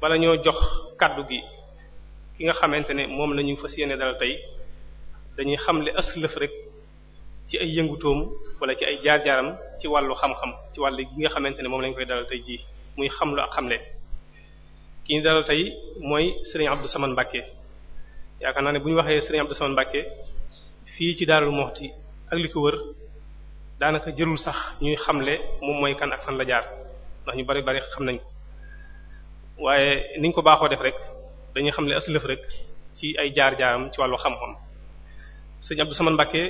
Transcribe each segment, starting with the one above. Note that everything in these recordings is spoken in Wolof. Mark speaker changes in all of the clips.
Speaker 1: bala ñoo jox kàddu gi ki nga xamante ne moom la ñu fas yéene dal tey dañuy xam le aslëf rek ci ay yëngutoom wala ci ay jaar-jaaram ci wàllu xam-xam ci wàllu ki nga xamante ne moom lañ koy dalal tey jii muy xamlu ak xamle ki ñu dalal tey mooy Serigne Abdou Samane Mbacké yaakaar naa ne bu ñu waxee Serigne Abdou Samane Mbacké fii ci Darou Moukhty ak li ko wër daanaka jërul sax ñuy xamle moom mooy kan ak fan la jaar ndax ñu bari bari xam nañ waaye niñ ko baaxoo def rek dañuy xam ne aslëf rek ci ay jaar-jaaram ci wàllu xam-xam sëñ Abdou Samane Mbacké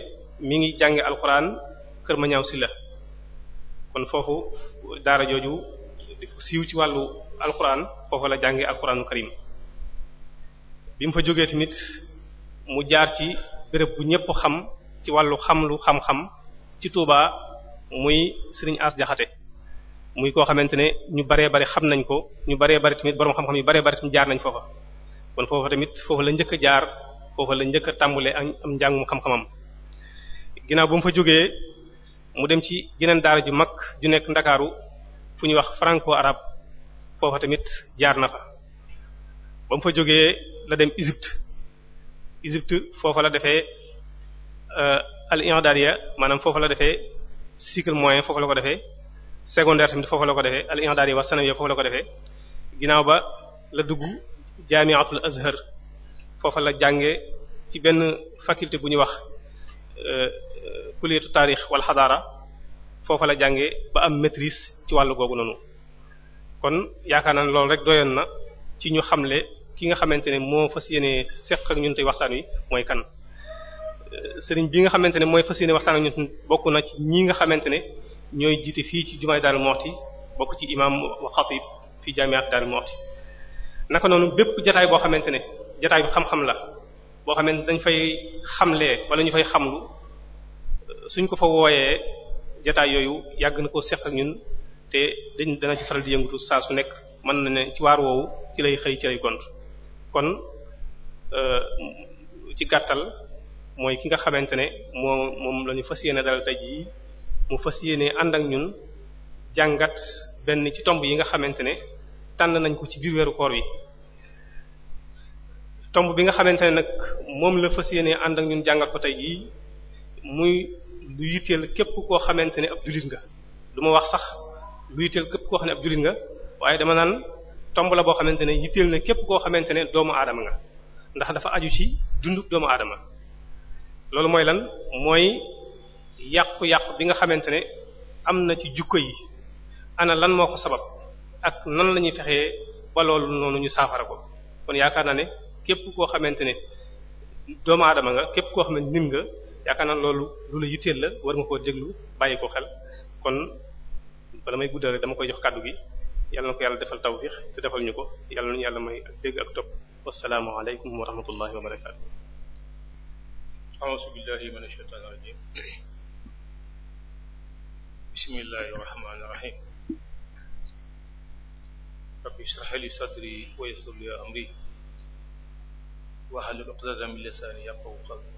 Speaker 1: mi ngi jànge alxuraan kër ma ñaaw si kon foofu daara jooju siiw ci wàllu alxuraan foofu la jànge alxuraanu karim bi mu fa jógee tamit mu jaar ci béréb bu ñëpp xam ci wàllu xam lu xam-xam ci Touba muy sëriñ As Jaxate muy koo xamante ne ñu baree bari xam nañ ko ñu baree bari tamit borom xam-xam yu bare bari tamit jaar nañ foofa kon foofa tamit foofa la njëkk a jaar foofa la njëkk a tàmbalee ak am njàngum xam-xamam. ginnaaw ba mu fa jógee mu dem ci jeneen daar ju mag ju nekk ndakaaru fu ñuy wax franco arab foofa tamit jaar na fa ba mu fa jógee la dem Égypte Égypte foofa la defee euh, al-i'dadiyya maanaam foofa la defee cycle moyen foofa la ko defee. secondaire tamit foofu la ko defee al i'dadi wa sanawi foofu la ko defee ginnaaw ba la dugg jaami'atul azhar foofa la jànge ci benn faculté bu ñuy wax euh, kuliyatu taarix wal xadaara foofa la jànge ba am maîtrise ci wàllu googu noonu kon yaakaar naa ne loolu rek doyoon na ci ñu xamle ki nga xamante ne moo fas yéene seq ak ñun tey waxtaan wi mooy kan euh, sëriñ bi nga xamante ne mooy fas yéene waxtaan ak ñun bokk na ci ñi nga xamante ne ñooy jiite fii ci jumaay Darou Moukhty bokk ci imam wa xatib fi jamiat Darou Moukhty naka noonu bépp jataay boo xamante ne jataay bi xam-xam la boo xamante dañ fay xamlee wala ñu fay xamlu suñ ko fa wooyee jataay yooyu yàgg na koo seq ak ñun te dañ dana ci faral di yëngatu saa su nekk mën na ne ci waar woowu ci lay xëy ci lay gont kon euh, ci gàttal mooy ki nga xamante ne moo moom la ñu fas yéene daal tey jii mu fas yéene ànd ak ñun jàngat benn ci tomb yi nga xamante ne tànn nañ ko ci biir weeru koor wi tomb bi nga xamante ne nag moom la fas yéene ànd ak ñun jàngat ko tey jii muy lu yitteel képp koo xamante ne ab jullit nga lu wax sax lu yitteel képp koo xam ne ab jullit nga waaye dama naan tomb la boo xamante ne yitteel na képp koo xamante ne doomu aadama nga ndax dafa aju ci dundu doomu aadama loolu mooy lan mooy yàqu-yàqu bi nga xamante ne am na ci jukko yi ana lan moo ko sabab ak nan la ñuy fexee ba loolu noonu ñu saafara ko kon yaakaar na ne képp koo xamante ne doomu aadama nga képp koo xam ne nit nga yaakaar na loolu lu la yitteel la war nga koo déglu bàyyi ko xel kon bala may guddal dama koy jox kàddu gi yàlla na ko yàlla defal tawfiix te defal ñu ko yàlla nañu yàlla may ak dégg ak topp wassalaamu aleykum wa rahmatullahi wa barakaatu
Speaker 2: bismillahi
Speaker 3: rahmaani rahim rabbi shrah li sadri wa yassir li amri wahlul uqdatan min lisani yafqahu qawli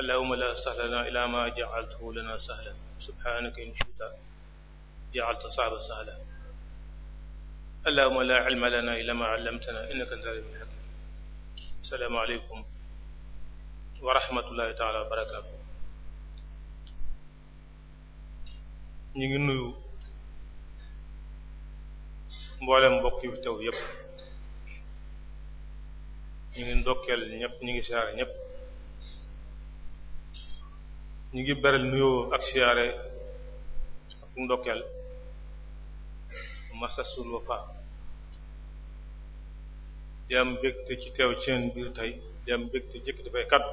Speaker 3: allahumma la sahla lana illa ma ja'altahu lana sahlan subhanaka in shi'ta ja'alta sa'ba sahlan allahumma la ilma lana illa ma 'allamtana innaka antal 'alimul hakim assalaamu aleykum wa rahmatullahi taala wa barakaatu ñu ngi nuyu mboolem mbokk yu yépp ñu ngi ndokkeel ñépp ñu ngi siyaare ñépp ñu ngi beral nuyoo ak siyaare ak ndokkeel masasul wafa di am mbégte ci teew ci seen biir tey di am mbégte jëkk dafay kaddu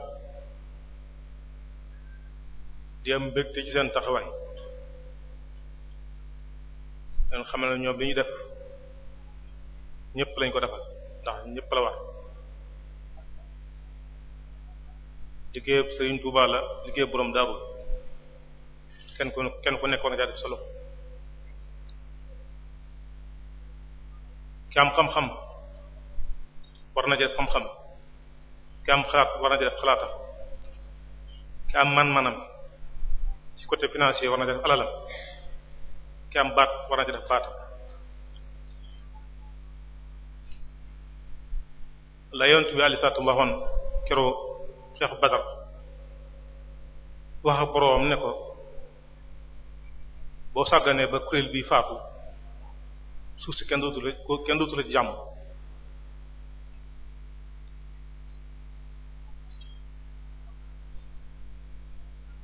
Speaker 3: di am mbégte ci seen taxawaay leen xamal ne ñoom li ñu def ñëpp lañ ko defal ndax ñëpp la war liggéeyub Sëriñ Tuubaa la liggéey boroom daaru kenn ku kenn ku nekkoon nga def solo ki am xam-xam war na def xam-xam ki am xalaat war na def xalaatam ki am man-manam ci côté financier war na def alalam ki am baat war na ci def baatam la yonent bi alayhi salaatu waxoon keroog xeexu Badar wax ak boroom ne ko boo sàgganee ba kuréel bi faatu suuf si kenn dootu la kenn dootu la jàmm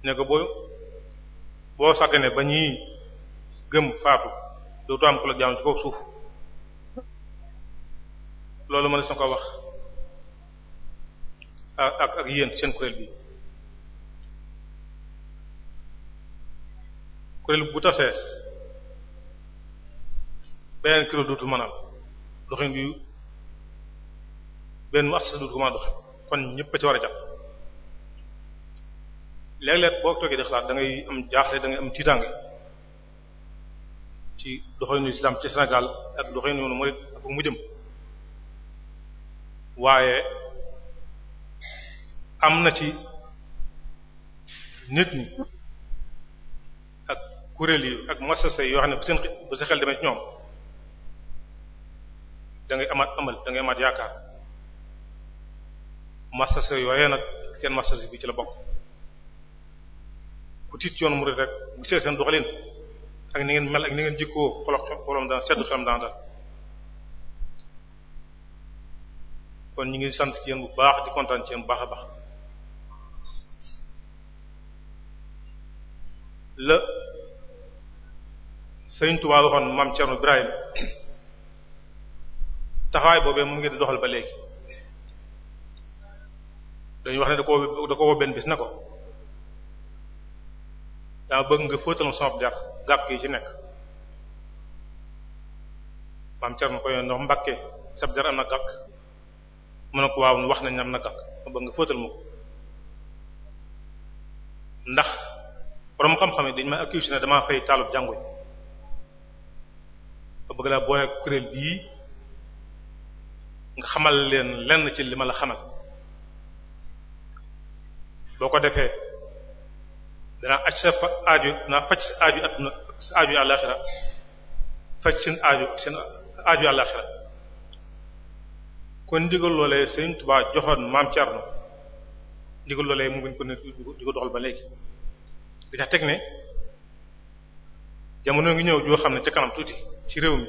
Speaker 3: ne ko boo boo sàgganee ba ñii gëm faatu dootu am ku la jaamu suuf loolu ma ne ko wax ak ak yéen seen kuréel bi kuréel bu tasee beneen kuréel dootu mën a doxin bi benn mu assas dootu ko mën a doxin kon ñëpp a ci war a jàpp léeg-léeg boo toogee di xalaat da ngay am jaaxle da ngay am tiitaange ci doxalinu islam ci Sénégal ak doxalinu yoonu murid ak mu jëm waaye am na ci nit ñi ak kuréel yi ak muassasa yoo xam ne bu seen bu sa xel demee ngay amaat amal da ngay amaat yooyee nag seen muassasa bi ci la bokk ku tiit yoonu murid rek bu see seen doxalin ak ni ngeen mel ak ni ngeen jikkoo xolo xolom daan sedd xelam daan dal kon ñu ngi sant ci yéen bu baax di kontaan ci yéen bu baax a baax la Sëriñ Tuubaa waxoon maam Cerno Ibrahim taxawaay boobee mu ngi di doxal ba léegi dañuy wax ne da ko da ko woo bis na ko daa bëgg nga fóotal sama der gàkk yi ci nekk maam Thierno ko yoon ndox Mbàkke sab am na gàkk mu ne ko waaw wax nañ am na gàkk ma bëgg nga fóotal ma ko ndax borom xam-xam yi dañ ma accuse ne damaa fay taalub jànguñ ma bëgg laa booleeg kuréel bii nga xamal leen lenn ci li la xamal boo ko defee. danaa aj sa aajo danaa faj sa aajo adduna sa aajo yi àllaaxira faj seen aajo seen aajo yi àllaaxira kon ndigal loolee Sëriñ Tuubaa joxoon maam Cerno ndigal loolee mu ngi ko ne di ko doxal ba léegi di tax teg ne jamono ngi ñëw joo xam ne ca kanam tuuti ci réew mi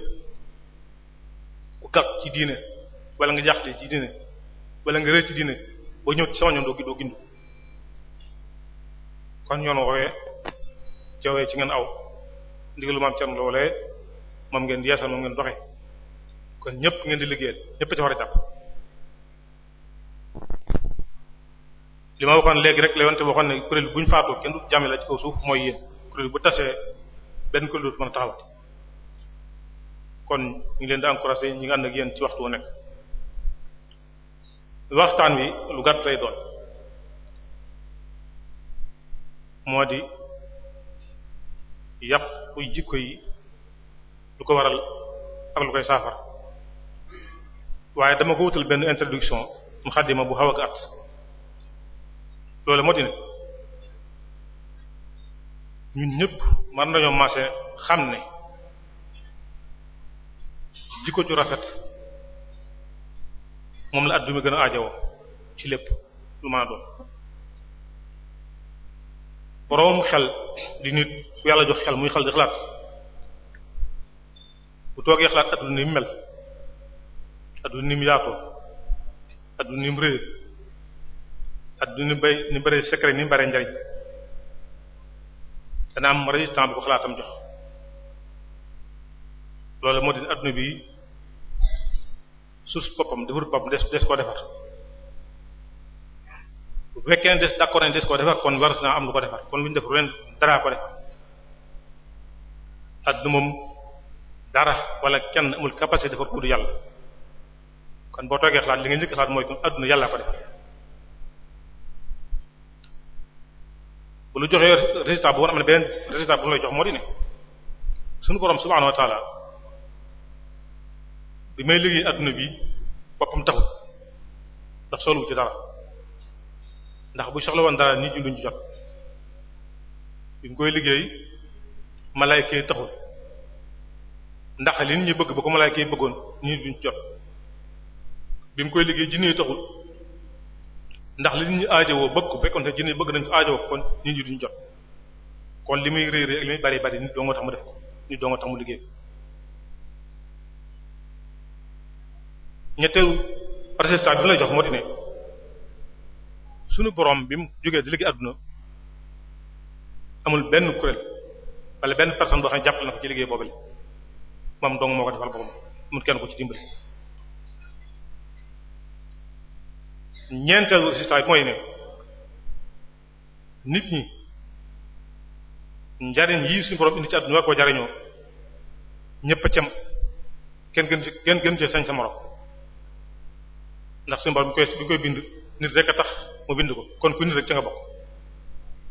Speaker 3: ku gàq ci diine wala nga jaaxle ci diine wala nga rëy ci diine boo ñëw ci sama ñoom doo gindu kon yoon woowee jawee ci ngeen aw ndigalu maam Cerno loolee moom ngeen di yeesal moom ngeen doxe kon ñëpp ngeen di liggéeyal ñëpp ci war a jàpp li ma waxoon léegi rek la yoon te waxoon ne kuréel bu ñu faatoo kenn du jàmme la ci kaw suuf mooy yéen kuréel bu tasee benn kuréel dootu mën a taxawati kon ñu ngi leen di encouragé ñi ngi ànd ak yéen ci waxtu wu nekk waxtaan wi lu gàtt lay doon moo di yàqu jikko yi lu ko waral ak lu koy saafar waaye dama ko wutal benn introduction muxaddima bu xaw a gàtt loolu moo di ne ñun ñëpp mën nañoo xam ne jikko ju rafet moom la àdduna gën a aajowoo ci lépp lu mën a doon boroom xel di nit ku yàlla jox xel muy xel di xalaat bu toogee xalaat adduna ni mu mel adduna ni mu yaatoo adduna ni mu rëy adduna ni bay ni bëree secret ni mu njariñ dana am résultat bi ko xalaatam jox loolu moo di adduna bi suuf boppam defar boppam des des koo defar bu fekkee ne des d'accord nañ des ko defar kon war naa am lu ko defar kon lu ñu def ren daraa ko defar adduna moom dara wala kenn amul capacité defar kuudu yàlla kon boo toogee xalaat li nga njëkk xalaat mooy kon adduna yàlla ko defar bu lu joxee résultat bu war am ne beneen résultat bu mu lay jox moo di ne suñu borom subhaanahu wa bi may liggéey adduna bi boppam taxul ndax soolu ci dara ndax bu soxla woon dara nit ñi duñ ci jot bi mu koy liggéey malayka yi taxul ndax li nit ñi bëgg ba ko malayka yi bëggoon nit ñi duñ ci jot bi mu koy liggéey jinne yi taxul ndax li nit ñi aajowoo bëgg ko bekkoon te jinne bëgg nañ ko aajowoo kon nit ñi duñ jot kon li muy réy réy ak li muy bari bari nit doo nga tax mu def nit doo nga tax mu liggéey ñetteelu résultat bi mu lay jox moo di ne suñu borom bi mu jógee di liggéey àdduna amul benn kuréel wala benn personne boo xam ne jàppale na ko ci liggéey boobule moom dong moo ko defal boppam amul kenn ko ci dimbali. ñeenteelu résultat bi mooy ne nit ñi njariñ yii suñu borom indi ci àdduna war koo jariñoo ñëpp a cem kenn gën ci kenn gën ci sañ sa morom ndax suñu borom bi koy bi bind nit rek a tax. mu bind ko kon ku nit rek ca nga bokk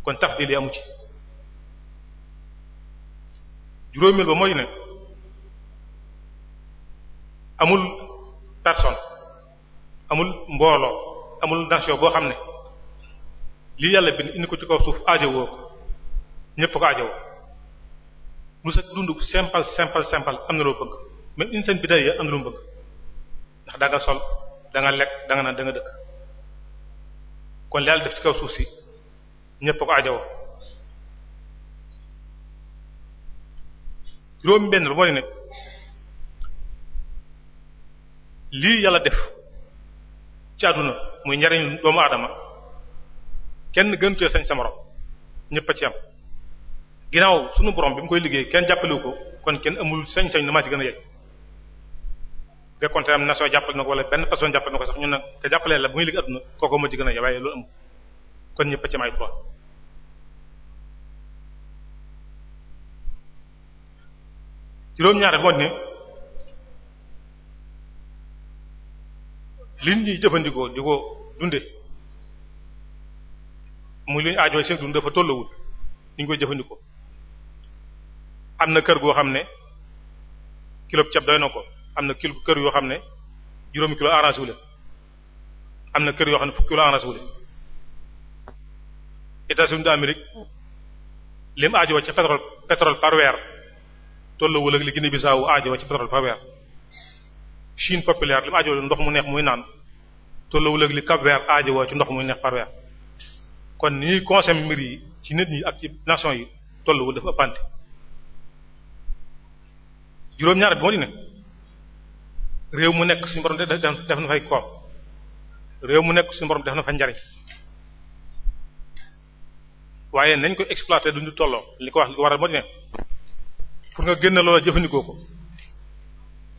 Speaker 3: kon tafdil yi amu ci juróomeel ba mooy ne amul personne amul mbooloo amul nation boo xam ne lii yàlla bind indi ko ci kaw suuf aajowoo ko ñëpp ko aajowoo lu sa dund simple simple simple am na loo bëgg même insaan bi day am na lu mu bëgg ndax da sol da lekk da nga naan da dëkk kon li yàlla def ci kaw suuf si ñëpp ko ajawoo juróomi benn bi ne lii yàlla def ci àdduna muy njariñ doomu aadama kenn gënutee sañ sa morom ñëpp a ci am ginnaaw sunu borom bi mu koy liggéey kenn jàppalewu ko kon kenn amul sañ-sañ na maa ci gën a yegg fekkonte am nation jàppale na ko wala benn na ko sax ñun nag te jàppalee la bu muy liggéey adduna kooku ma ci gën a waaye loolu amul kon ñëpp ci may trois juróom-ñaar moo di ne li ñuy jëfandikoo di ko dunde muy li ñu aajoo seen dund dafa tollawul li koy jëfandikoo am na kër goo xam ne kilo ceeb doy na ko am na kilo kër yoo xam ne juróomi kilo arrangé wu am na kër yoo xam ne fukki kilo arrangé wu leen États-Unis d'Amérique lim aajowoo ci pétrole par weer tolluwul ak li Guinée Bissau aajowoo ci pétrole par weer Chine populaire lim aajowoo ndox mu neex muy naan tolluwul ak li Cap Vert aajowoo ci ndox muy neex par weer kon ni ñuy consommer mbir yi ci nit ñi ak ci nation yi tolluwul dafa ëppante juróom-ñaar bi moo di réew mu nekk suñu borom def na fay koom réew mu nekk suñu borom def na fa njari waaye nañ ko exploité duñu tolloo li ko wax li ko waral moo di ne pour nga génn loola jëfandikoo ko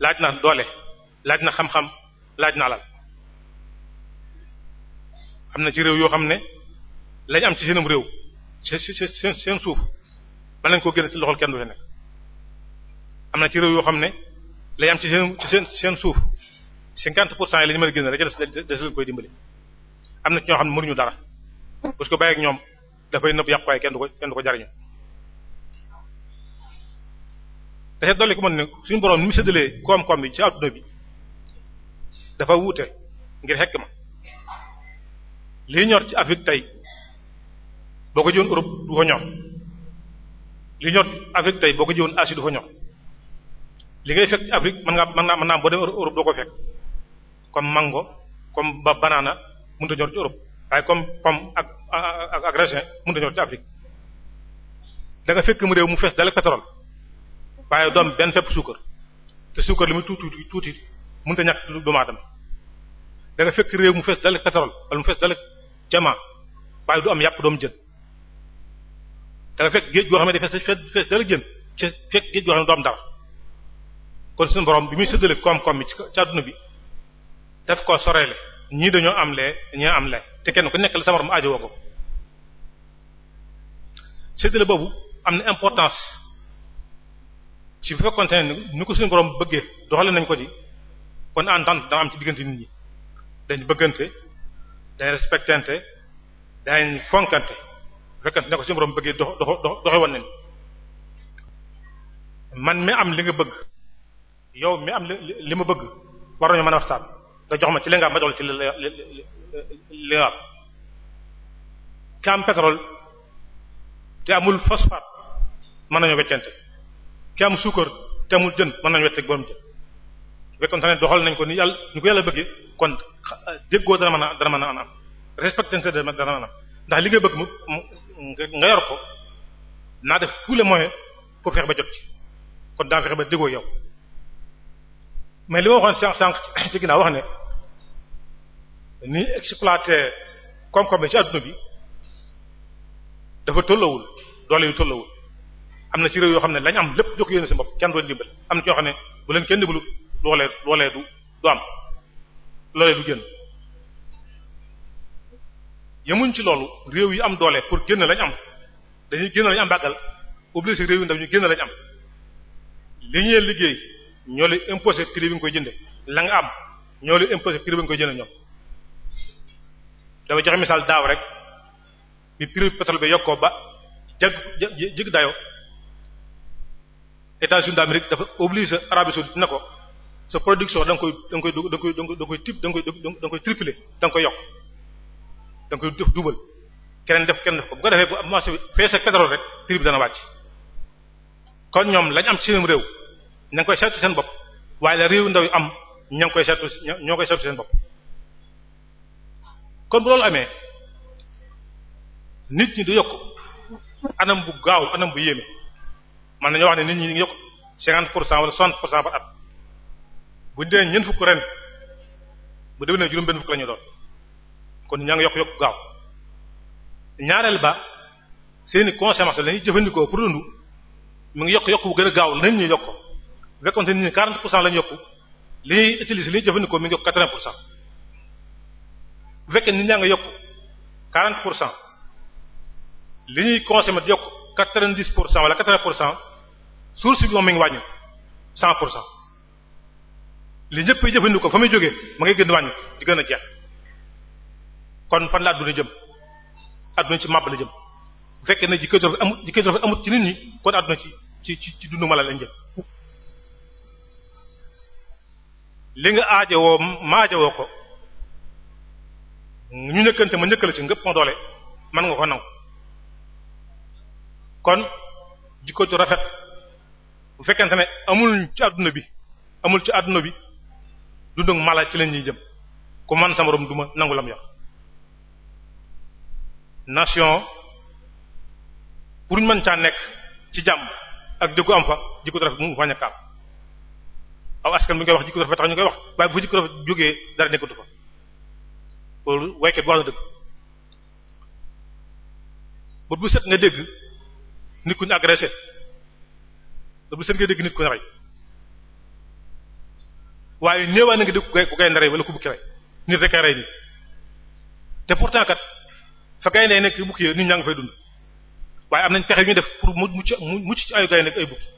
Speaker 3: laaj na doole laaj na xam-xam laaj na alal am na ci réew yoo xam ne lañ am ci seenum réew seen seen suuf ba lañ koo génn ci loxol kenn du nekk am na ci réew yoo xam ne lay am ci seen ci seen seen suuf 50 pour cent yi la ñu mën a génne la ca des des leen koy dimbali am na ci ñoo xam ne mënuñu dara bu su ko bàyyeeg ñoom dafay nëb yàqu waaye kenn du ko kenn du ko jariñu dafa dolli ko mën ne suñu borom ni mu séddalee koom-koom bi ci adduna bi dafa wuute ngir xekk ma lii ñor ci Afrique tey boo ko jiwoon Europe du ko ñor lii ñor Afrique tey boo ko jiwoon Asie du fa ñor li ngay fekk ci Afrique man ngaa man naa mën naa boo demee Europe doo comme mango comme ba banana mënut ñor ci Europe waaye comme pomme ak ak ak raisin mënut a ñor ci Afrique da fekk mu réew mu fees dale pétrole waaye doom benn fépp suukar te suukar li mu tuuti tuuti mënut a ñàkk lu doomu aadama da nga fekk réew mu fees dale pétrole wala mu fees dale jamaa waaye du am yàpp doom jën da fekk géej goo xam ne dafay fees fees dale jën fekk géej goo xam ne dara. kon suñu borom bi muy séddale koom-koom bi ci àdduna bi daf koo soreele ñii dañoo am lee ñoo am lee te kenn ku nekk la sa morom aajo woo ko séddale boobu am na importance ci bu fekkoon ne ni ko suñu borom bëggee doxale nañ ko ci kon entente dana am ci diggante nit ñi dañ bëggante dañ respectante dañ fonkante bu bëggee dox dox doxe woon man mi am li nga bëgg yow mi am li ma bëgg war nañu mën a waxtaan nga jox ma ci li nga jox la ci li li nga te amul phosphate mën nañu weccante ki am suukar te amul jën mën nañu wecceeg borom jën fekkoon sax ne doxal nañ ko ni yàlla ñu ko yàlla bëggee kon déggoo dana mën mën a am respecté dana mën am ndax li nga bëgg nga yor ko naa def tous les moyens pour ba jot ci kon daa fexe ba déggoo yow mais li ma waxoon sànq sànq ci ginnaaw wax ne ni exploité koom-koom bi ci adduna bi dafa tollawul doole yu tollawul am na ci réew yoo xam ne lañ am lépp jokk yéen si bopp kenn doon dimbal am na ci kenn dimbalu loolee loolee du du am loolee ci loolu réew yi am doole pour génn lañ am dañuy génn lañ am bàggal obligé réew yi ndaw ñu génn lañ am li ñuy liggéey ñoo lay imposé bi nga koy jënde la nga am ñoo lay imposé prix bi nga koy jënde ñoom dama joxe misaal daaw rek bi prix pétrole bi yokkoo ba jag jig dayo États-Unis d'Amérique dafa obligé Arabie saoudite na ko sa production da nga koy da nga koy da nga koy da nga koy tip da nga koy da nga koy tripler da nga koy yokk da nga koy def duubal keneen def keneen def ko bu ko defee bu marché bi fees rek prix bi dana wàcc kon ñoom lañ am ci seen réew ña ngi koy seetu seen bopp waaye la réew ndaw yi am ña ngi koy seetu ñoo koy seetu seen bopp kon bu loolu amee nit ñi di yokk anam bu gaaw anam bu yéeme man nañoo wax ne nit ñi ngi yokk cinquante pour cent wala soixante pour cent par at bu dee ñeent fukk ren bu déwénee juróom benn fukk la ñu doon kon ñaa ngi yokk yokk gaaw ñaareel ba seeni conséquences la ñuy jëfandikoo pour dund mu ngi yokk yokk bu gën a gaaw nañ ñu yokk bu fekkoon ni 40 pour la ñu yokku li ñuy utiliser li ñuy jëfandikoo mu ngi yokk 80 pour cent bu fekkee nit ñaa ngi yokku 40 pour cent li ñuy consommer di yokku 90 pour cent wala 80 pour cent source si moom mi ngi wàññi 100 pour cent li ñëpp yi jëfandikoo fa muy jógee ma ngay gën wàññi di gën a jeex kon fan la adduna jëm adduna ci màbb la jëm bu fekkee ne ji koy doon amut ji koy doon amut ci nit ñi kon adduna ci ci ci dundu lañ jëm li nga aajowoo ma woo ko ñu njëkkante ma njëkkale ci ngëpp doole man nga ko nangu kon jikko ju rafet bu fekkente ne amul ci àdduna bi amul ci àdduna bi dundug mala ci lañuy jëm ko man sama rom duma nangu lam yor nation pour ñu mën caa nekk ci jàmm ak jikko am fa jikko ju rafet mu mu fañ a aw askan bu ngay wax jikko rafet tax ñu koy wax waaye bu fa jikko rafet jógee dara nekkatu fa loolu waykat bi wax na dëgg ba bu set nga dégg nit ku ñu agressé ba bu set nga rey waaye néewaa na nga dégg ku gay ku gaynde rey wala ku bukki rey nit rek a rey nii te pourtant kat fa gaynde nekk bukki nit ñaa nga fay dund waaye am nañ pexe yu ñu def pour mu mucc mu mucc ci ayu gaynde ay bukki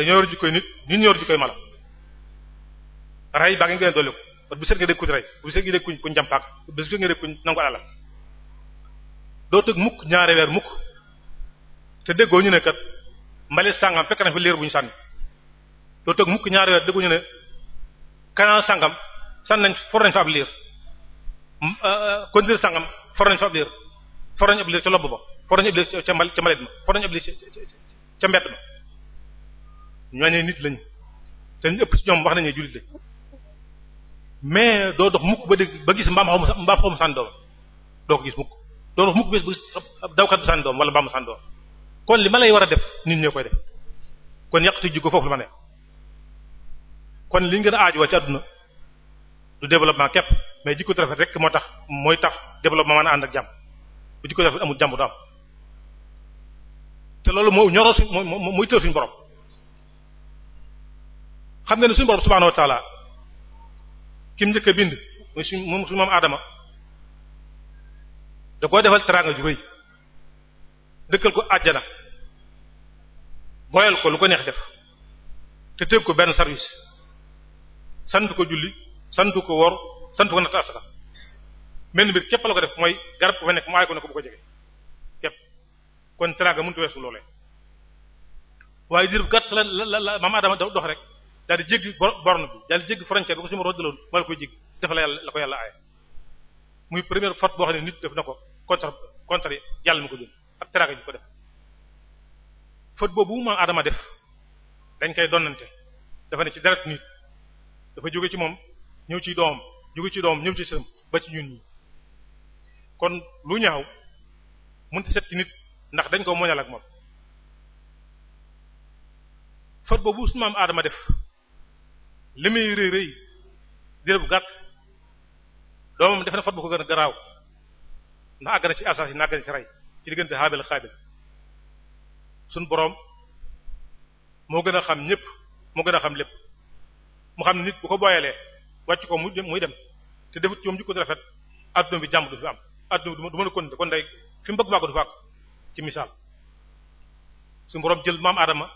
Speaker 3: dañoo yor jikkoy nit nit ñoo yor jikkoy mala rey baa ngi gën a dolli ko bat bu set nga dégg kuñ rey bu nga dégg kuñ kuñ jàmpaak bu set nga dégg kuñ nangu alal doo tëg mukk ñaari weer mukk te déggoo ñu ne kat mbalit sàngam fekk na mukk ñaari weer déggoo ñu ne kanaan sàngam sànni nañ for nañ fa ab liir mm, euh, euh, condir sàngam for nañ fa ab liir for nañ ab liir ca lobb ba for nañ ab liir ca mbalit ma for nañ ab liir ca mbett ma ñooñu nit lañ te ñu ëpp ci ñoom wax nañu jullit lañ mais doo dox mukk ba dégg ba gis mbaam xaw ma mbaam xaw ma sànni doom doo ko gis mukk doo dox mukk bés ba gis dawkat bu sànni doom wala mbaam sànni doom kon li ma lay war a def nit ñee koy def kon yàq te jikko foofu la ma ne kon li ñu gën a aajowoo ci àdduna du développement képp mais jikko rafet rek moo tax mooy tax développement mën a ànd ak jàmm bu jikko rafet amul jàmm du am te loolu moo ñoroo suñ mooy tër xam nga ne suñu borom subhaanahu wa kim njëkk bind muy suñ moom aadama da koo defal teraanga ju dëkkal ko àjjana boyal ko lu ko neex def te teg ko benn service sant ko julli sant ko wor sant ko natt asaka mel mbir képp la ko def mooy garab ko fa nekk mu aay ko ne ko bu ko jege képp kon teraanga mënut a weesu loolee waaye diir bu la la la maam Adama dox rek daal di jéggi borne bi daal di jéggi frontière bi ko suñu roddaloon moo la koy jéggi dafa la yàlla la ko yàlla aaye muy première faute boo xam ne nit def na ko contre contre yàlla ko jël ak teraanga ji boobu maam Adama def dañ koy donnante dafa ne ci deret nit dafa jóge ci moom ñëw ci doom jóge ci doom ñëw ci sëm ba ci ñun ñi kon lu ñaaw mënta set ci nit ndax dañ ko moñal ak moom faute boobu su maam Adama def li muy rëy rëy bu gàtt doomam def na fat bu ko gën a garaaw ndax àgg ci asaas yi nagg na ci rey ci diggante Haabil Xaabil suñ boroom moo gën a xam ñépp moo gën a xam lépp mu xam nit bu ko booyalee wàcc ko muy dem te defut ci moom jikko rafet adduna bi jàmm du fi am adduna bi du mën a continuer kon day fi mu bëgg ko du fàkk ci misaal suñu boroom jël maam aadama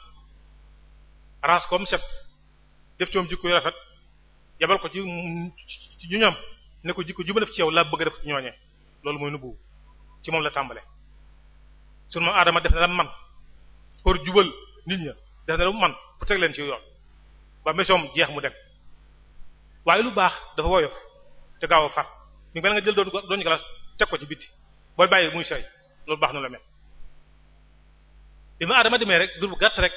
Speaker 3: raas ko set def ci moom jikko yu rafet yabal ko ci ñu ñoom ne ko jikko ju ma def bëgg def ñooñee loolu mooy nubbu ci moom la tàmbale sunu aadama def na man pour jubal nit ña def na la man pour teg leen ci yoon ba mesoom jeex mu dem waaye lu baax dafa woyof te gaaw a far mi ngi mel nga jël doon doon ñu teg ko ci bitti booy bàyyi muy sooy loolu baax na la mel bi ma aadama demee rek dur bu gàtt rek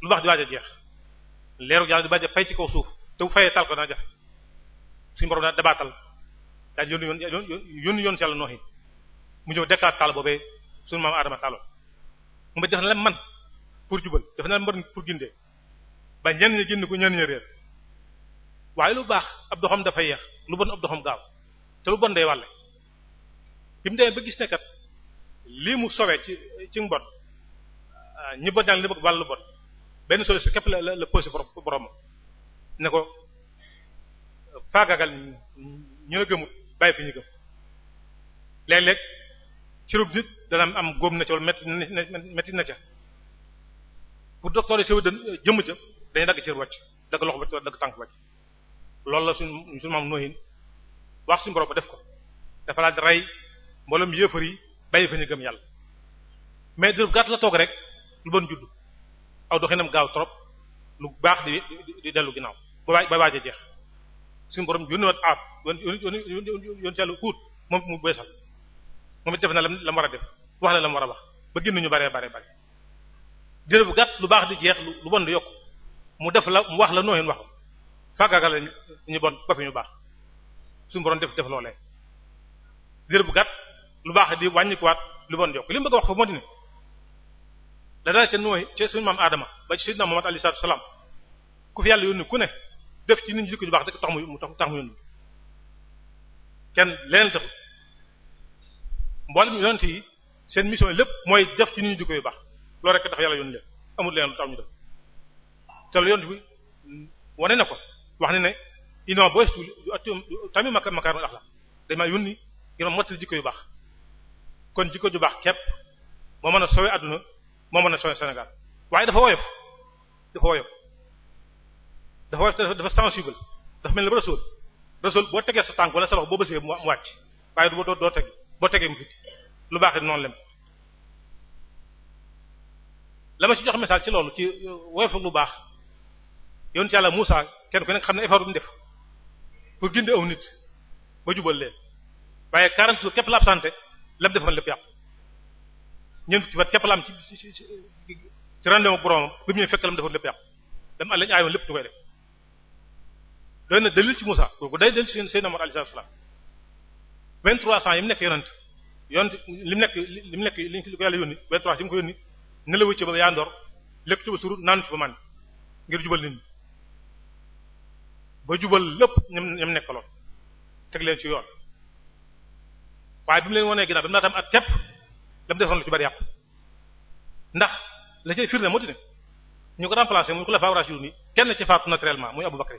Speaker 3: lu baax di waaj jeex leeru yàlla di baje fay ci kaw suuf te bu fayee taal ko dana jafe suñu borom daa dabaatal daa yónni yoon yónni yoon si yàlla nooxi mu ñëw dekkaat taal boobee suñu maam Adama taaloon mu def na la man pour jubal def na la man pour gindee ba ñenn ñi gindi ko ñenn ñi réer waaye lu baax ab doxam dafa yeex lu bon ab doxam gaaw te lu bon dee wàlle bi mu demee ba gis ne lii mu sowee ci ci mbon ah, ñi bon ñaar li bëgg wàllu bon benn solution képp la la la posé borom ne ko faagagal ñu la gëmut bàyyi fi ñu gëm léeg-léeg cirub nit dana am góom na ca wala metti na ca bu docteur yi sew dën jëmm ca dañuy dagg cër wàcc dagg loxo wàcc dagg tànk loolu la suñ suñu maam nooyin wax suñu ba def ko dafa laa rey mboolem yéefar yi bàyyi fa ñu gëm yàlla mais diiru gàtt la toog rek lu bon juddu aw doxinam gaaw trop lu baax di di dellu ginnaaw ba waaj ba waaj a jeex suñu borom yónni woon aat yónni yónni yónni lu kuut moom mu beesal moom it def na la la war a def wax na la mu war a wax ba génn ñu bare bare bare diir bu gàt lu baax di jeex lu bon di yokk mu def la mu wax la nooyeen wax fàggagale ñu bon ba fi ñu baax suñu borom def def loolee diir bu gàtt lu baax di wàññikuwaat lu bon di yokk li mu bëgg a wax ko moo di ne la dara ca nooy ca suñu maam Adama ba ci Seydina Muhammad alayhi salaam ku fi yàlla yónni ku ne def ci nit jikko ju baax rek tax mu tax mu yónni kenn leneen yi seen mission lépp mooy def ci yu baax loolu rek tax yàlla yónni leen amul leneen lu tax ñu def te loolu yonent wane na ko wax ne ne inno boo estu tamit maka makaarul axlaq dañ maa yónni ngir mottali jikko yu baax kon jikko ju baax képp moo mën a sowe àdduna moo mën a sonné Sénégal waaye dafa woyof dafa woyof dafa sensible dafa mel ni rasul rasul boo tegee sa tànk wala sa wax boo bësee mu wàcc waaye doo doo teg boo tegee mu fit lu baax it noonu lem la ma jox message ci loolu ci euh, woyof lu baax yoon ci yàlla Moussa kenn ku nekk xam ne effort bu mu def pour gindi aw nit ba jubal leen waaye 40 jours képp la absenté lam defoon lépp yàqu ñeent fukki bat képp la am ci ci ci rendez-vous boromam fekk la mu defoon lépp yàqu dem àll ñu aayoon lépp du koy def doy na dalil ci Moussa kooku day dalil ci Seydina Muhammad alayhi salaam 2300 yi mu nekk yonent yonent li mu nekk li mu nekk li ko yàlla yónni 23 ci mu ko yónni ne ci ba suru naan ci ba man ngir jubal nit ñi ba jubal lépp ñam ñam nekkaloon teg leen ci yoon waaye bi mu leen wanee ginnaaw ba mu laatam at képp la mu defoon lu ci bari ndax la cay firnde moo di ne ñu ko remplacé muy xulafaa raashiduun yi kenn ci faatu naturellement muy Abubakar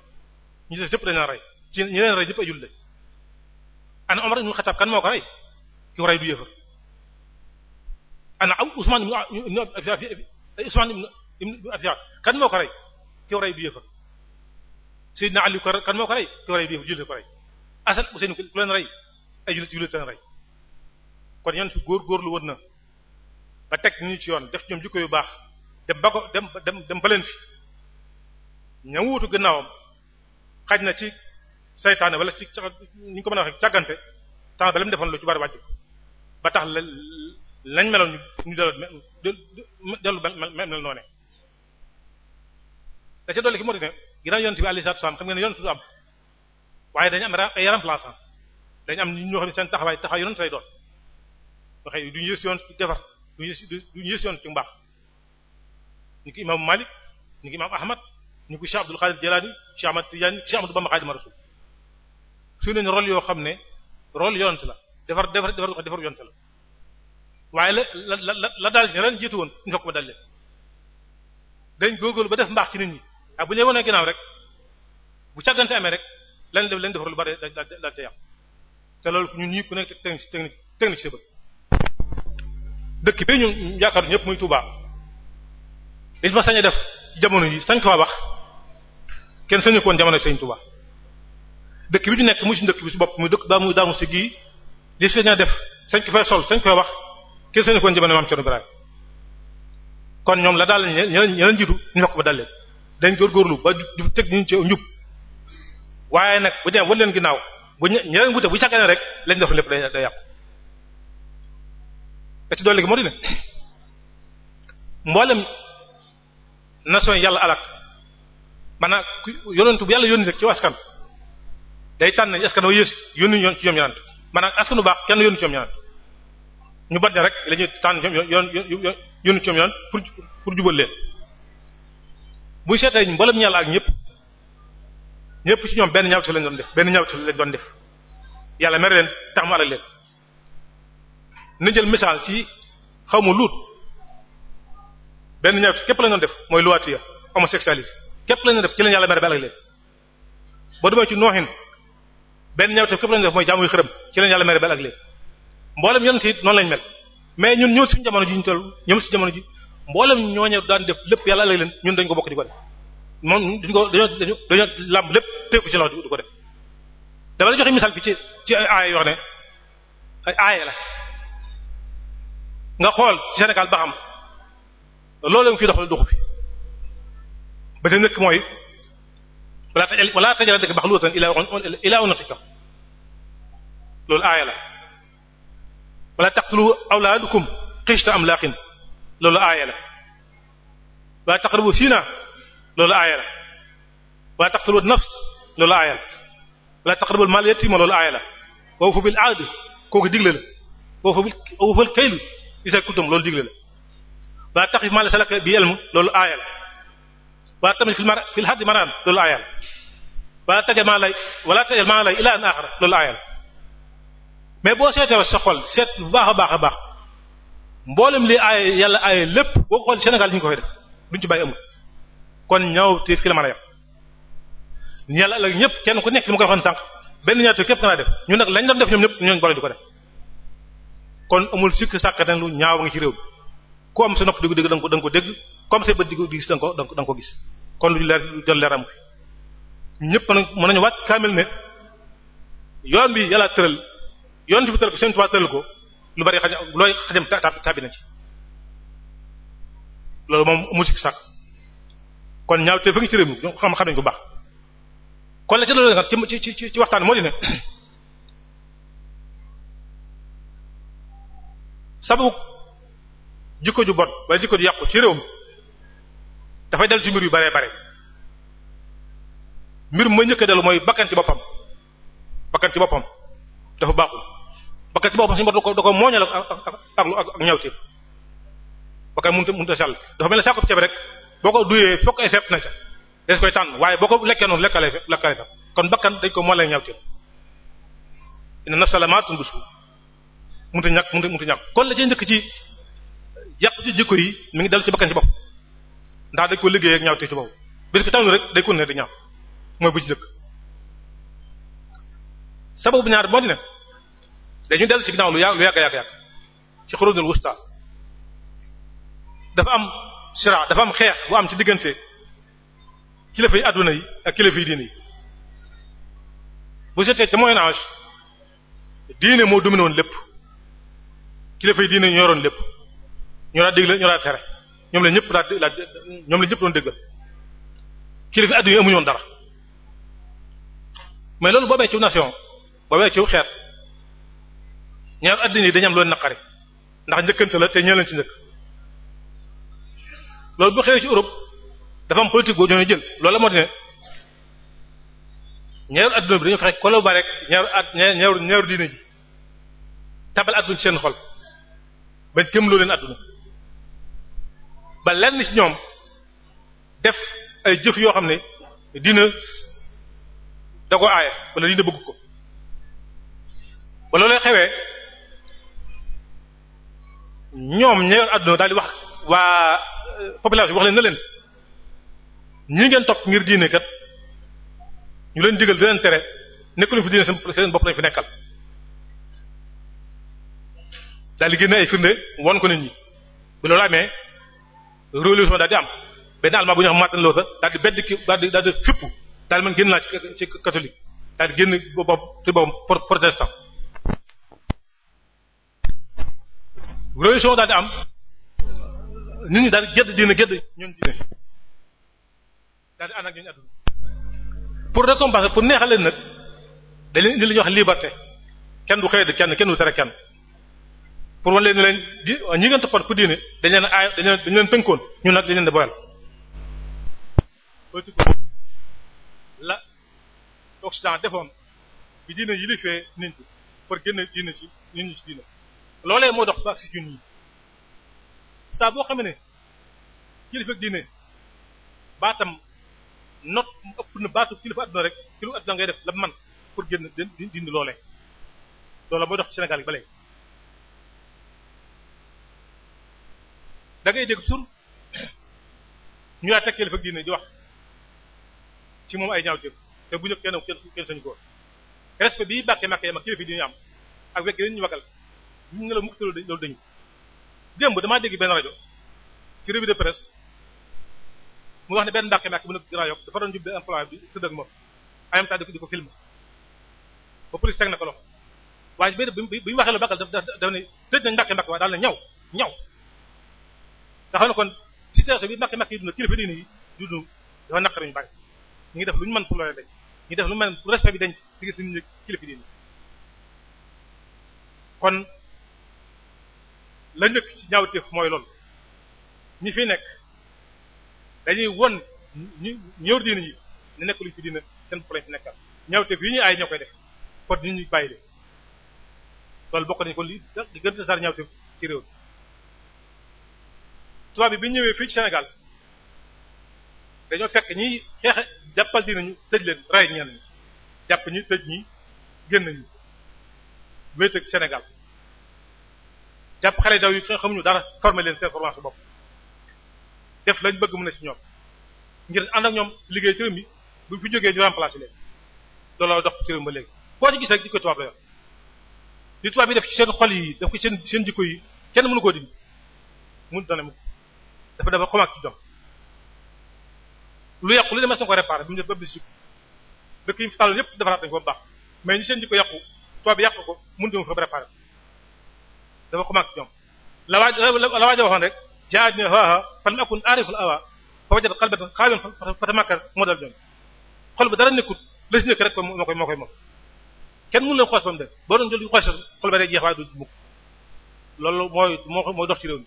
Speaker 3: ñu des ñëpp dañu la rey ci ñi leen rey ñëpp ayul lañ ana Umar ibn Xattaab kan moo ana aw Usmaan ibn Usmaan ibn Affaan kan moo ko rey ki rey du yéefar Seydina Ali kan moo ko rey ki rey du yéefar jullit ko rey Asan Useynu ku leen rey ay jullit jullit leen rey kon fi góor góor lu woon na ba teg ñu ci yoon def ñoom jikko yu baax dem ba ko dem dem dem ba leen fi ña wuutu gannaawam xaj na ci seytaane wala ci ñu ñu ko mën a waxee càggante temps defoon lu ci bari wàcc ba tax la lañ meloon ñu dellu mel noone da ca dolli ki moo di ne ginnaaw yonent bi alayhi salaatu salaam xam ngeen ne yonent du am waaye dañu am ay remplaçant dañu am ñoo xam ne seen taxawaay taxaw yonent lay doon waxe yi du ñu yës yoon ci defar ñu ci mbaax ni ko imaamu Malik ni ko imaamu Ahmad ni ko Cheikh Abdul Qadir Jilani Cheikh Ahmad Tidiane Cheikh Ahmadou Rasul su nañ rôle yoo xam ne rôle yonent la defar defar defar defar yonent la waaye la la la la daal ne ren jiitu woon ñu fekk ma dal leen dañ góorgóorlu ba def mbaax ci nit ñi ak bu ñu wane rek bu càggante amee rek lan def leen defar lu bari daal daal te te loolu ñun ñii ku nekk technique technique technique dëkk bi ñu yaakaar ñëpp muy Touba li fa sañ a def jamono yi sañ ko wax kenn sañu koon jamono sëñ Touba dëkk bi ñu nekk muy suñu dëkk bi su bopp muy dëkk daa muy daa mu si gii li sañ a def sañ ko fay sol sañ koy wax kenn sañu koon jamono maam Thierno Ibrahima kon ñoom la daal ñe ñe ñe jiitu ñu wax ko ba dalee dañ góorgóorlu ba du teg ñu ci njub waaye nag bu dee wan leen ginnaaw bu ñe ñe leen wute bu càggane rek lañ def lépp day yàqu. te ci dolli gi moo di mboolem nation yi yàlla alak maanaam yonentu bu yàlla yónni rek ci askan day tànn askan wa yées yonu ñoom ci ñoom ñanant maanaam askan bu baax kenn yónni ci ñoom ñanant ñu bat ne rek la ñuy tànn yonu yoon yónni ci ñoom ñanant pour pour jubal leen buy seetee mboolem ñi ak ñëpp ñëpp ci ñoom benn ñaawte lañ doon def benn ñaawte lañ doon def yàlla mer leen tax mu leen na jël misaal ci xaw ma luut benn ñaar képp lañ doon def mooy luwaati ya homosexualité képp lañ doon def ci leen yàlla mere ba leen boo demee ci nooxin benn ñaawteef képp lañ def mooy jaamu yu xërëm ci leen yàlla mere bel ak léegi mboolem yonent yi noonu lañ mel mais ñun ñoo suñu jamono ji ñu toll ñoom si jamono ji mboole mboolem ñooñu daan def lépp yàlla ëllëg leen ñun dañ ko bokk di ko def moom duñ ko dañoo dañoo lépp téye ko ci loxo di ko def. dama la joxe misaal bi ci ci ay aaya yoo xam la nga xool Sénégal ba xam loolu la fi doxal dox bi ba dina nekk mooy wala taj wala tajal dëkk maxluutan ilaa ilaa unatika loolu aaya la wala taqtulu awlaadakum xishta amlaaxin loolu aaya la wala taqrabu zina loolu aaya la wala taqtulu nafs loolu aaya la wala taqrabu maal yatiima loolu aaya la wa awfu bil ahd kooku digle la wa awfu bil kayl isa kutum loolu digle la waa tax fi mala salaka bi elmu loolu aaya la waa tamit fi mar fi haddi maraan loolu aaya la waa tage maa lay wala tage maa lay ila an axara loolu aaya la mais boo seetee sa seet bu baax a baax a baax mboolem li aaya yàlla aaya lépp boo ko xool Sénégal li ñu ko fay def duñ ci bàyyi amul kon ñaw tiif ki la mën a yem yàlla ëllëg ñëpp kenn ku nekk li ma koy waxoon sànq benn ñaar képp nga naa def ñu nag lañ doon def ñoom ñëpp ñooñu boole ko def kon amul sikk sàkk ne lu ñaaw ngi ci réew bi ku am sa nopp di dégg da nga ko da nga ko dégg comme sa bët di ko gis da nga ko da nga ko gis kon lu leer lu leer am ñëpp mën nañu wàcc kaamil bi yàlla tëral yoon bi tëral ko lu bari xaj looy xajam tàbbi na loolu moom amul sikk sàkk kon ñaaw te fa ngi ci réew mi xam xam nañu ko baax kon la ca loolu nga ci ci ci waxtaan moo di ne sabu jikko ju bon wala jikko ju yàqu ci réew mi dafay dal ci mbir yu baree bare mbir ma njëkk a dellu mooy bakkan ci boppam bakkan ci boppam dafa baaxul bakkan ci boppam suñu bopp da ko mooñal ak ak ak ñawti bakkan mënut a mënut a sàll dafa mel ne saako ceeb rek boo ko duyee fokk ay fepp na ca des waaye boo ko lekkee noonu lekkalee fepp lekkalee fepp kon bakkan dañ ko mooñal ñawti inna nafsa lamaatun bisu mënut a ñàkk mënut a ñàkk kon la cay njëkk ci yàqu ci jikko yi mu ngi dellu ci bakkan ci bopp ndax dañ ko liggéey ak ñaaw te ci bopp bis ki tànn rek ne di ñaaw mooy bu ci njëkk sababu ñaar moo di ne dañu dellu ci ginnaaw lu yàgg lu yàgg yàgg yàgg ci xurunul wusta dafa am sira dafa am xeex bu am ci diggante kilifa yi adduna yi ak kilifa yi diine yi bu seetee ca moyen âge diine moo dominé lépp kilifa yi diine ñu yoroon lépp ñu daa dégle ñu ñoom la ñëpp daa la ñoom la ñëpp doon déggal kilifa yi adduna amuñu woon dara mais loolu boobee ciw nation boobee ciw xeet ñaar adduna yi dañu am loolu naqari ndax la te ci njëkk loolu bu xewee ci Europe dafa am politique boobu ñoo jël loolu moo di ne ñaaru adduna bi dañu fexe collaborer rek diine ji tabal adduna ci seen xol ba gëmloo leen adduna ba lenn ci ñoom def ay jëf yoo xam ne dina da ko aaya wala dina bëgg ko ba loolee xewee ñoom ña yor adduna daal di wax waa euh, population wax leen na leen ñi ngeen topp ngir diine kat ñu leen digal di leen tere nekkuñu fi diine seen seen bopp lañ fi nekkal. daal di génne ay firnde won ko nit ñi bu loolu amee religion daal di am benn allemand bu ñu xam Martin Luther daal di bedd ki daal di daal di fippu daal man génn naa ci ci catholique di génn boppam ci boppam protestant. religion daal di am nit ñi dal di gedd diine gedd ñoom diine daal di ànd ak ñooñu pour récompenser pour neexal leen nag dañ leen indi li ñuy wax liberté kenn du xëy kenn kenn du tere kenn. pour wan leen leen di ñi ngeen toppoon ku diine dañ leen aay dañ dañ leen tënkoon ñun nag dañ leen di boyal la Occident defoon bi diine yilifee nit ñi pour génne diine ci diine loolee moo dox ba ak si ñun boo xamee ne kilifa diine baatam not ëpp na baatu kilifa adduna rek kilifa adduna ngay def la man pour génn diine loolee loolu mooy dox ci Sénégal yi ba léegi da ngay dégg tur ñu laa teg kilifa diine di wax ci moom ay ñaaw jëf te bu njëkk kenn kenn sañu ko respect bii bàkkee màkkee ma kilifa diine am ak wekk leen ñu wakkal ñu ne la mukk loolu dañu démb damaa dégg benn rajo ci revue de presse mu wax ne benn bàkkee màkkee bu nekk grand yokk dafa doon jub de emploi bi tëdd ak moom en bi bi bi waxee lu bakkal daf daf ne tëj nañ mbàkkee mbàkkee waaye daal na ñaw ñaw nga xam ne kon situation bi makki makki yi dund kilifa diine yi dund dafa naqari ñu bari ñu ngi def lu ñu mën pour loolee dañ ñu def lu mën pour respect bi dañ diggante ñu kilifa kon la njëkk ci ñaawteef mooy loolu ñi fi nekk dañuy won ñu ñëw diine yi ne nekk luñ fi diine seen problème fi nekkal ñaawteef yi ñuy aay ñoo koy def kon nit ñi bàyyi loolu bokk nañu kon li li gën a saar ñaawteef ci réew tubaab bi bi ñëwee fii ci Sénégal dañoo fekk ñi xeexe jàppal dinañu tëj leen rey ñenn ñi jàpp ñi tëj ñi génn ñi wéet ak Sénégal jàpp xale daw yi xamuñu dara former leen seen formation bopp def lañ bëgg mu na ci ñoom ngir ànd ak ñoom liggéey ci réew mi bu fi jógee ñu remplacer leen looloo dox ci réew ba léegi koo ci gis rek jikko tubaab la yor li tubaab yi def ci seen xol yi def ko seen jikko yi kenn mënu koo dindi dafa dafa xomaag ci jom lu yàqu lu ne mas na ko réparé bi mu ba bis dëkk yi fi tàlloon yëpp defaraat nañ ko baax mais ñi seen jikko yàqu toit bi yàqu ko mënut a fa préparé dafa xomaag ci jom la waaj la a waxoon rek jaaj ne waaw falam akun aariful awa fa wajat qalbatan xaawiyan fa tamakkar moo dal ñoom xol bu dara nekkut la si nekk rek moo koy moo koy moom kenn mënu boo doon jël xoos xol ba loolu mooy moo mooy dox ci réew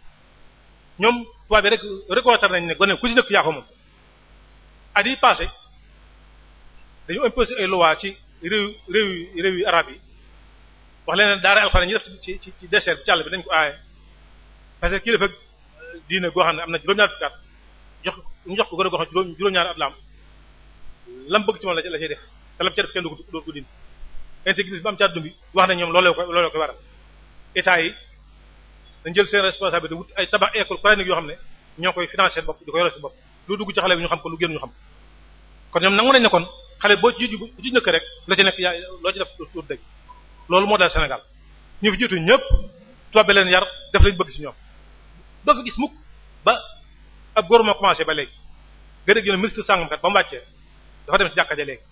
Speaker 3: ñoom tubaab bi rek reconnaître nañ ne gone ku ci nekk yaa ko moom at yi passé dañu imposé ay loi ci réew yi réew yu arab yi wax leen ne daara alxuraan ñi def ci ci ci désert bi càll bi dañ ko aaye parce que kii dafa diine goo xam ne am na juróom-ñaar fukki jox ñu jox ko gën a gox juróom-ñaar at la lam bëgg ci moom la la cay def te lam ca def kenn du ko dóor ko bi am ci àdduna wax na ñoom loolu ko loolu ko waral état yi dañ jël seen responsabilité wut ay tabax école coranique yoo xam ne ñoo koy financé bopp di ko yore si bopp lu dugg ci xale bi ñu xam ko lu génn ñu xam kon ñoom nangu nañ ne kon xale boo ci jiitu ci nëkk rek la ci nekk yaa loo loolu moo dal Sénégal ñu fi jiitu ñëpp tobbe leen yar def lañ bëgg ci ñoom doo fi gis mukk ba ab góor moo commencé ba léegi nga dégg ne ministre sàngam kat ba mu wàccee dafa dem ci jàkka ja léegi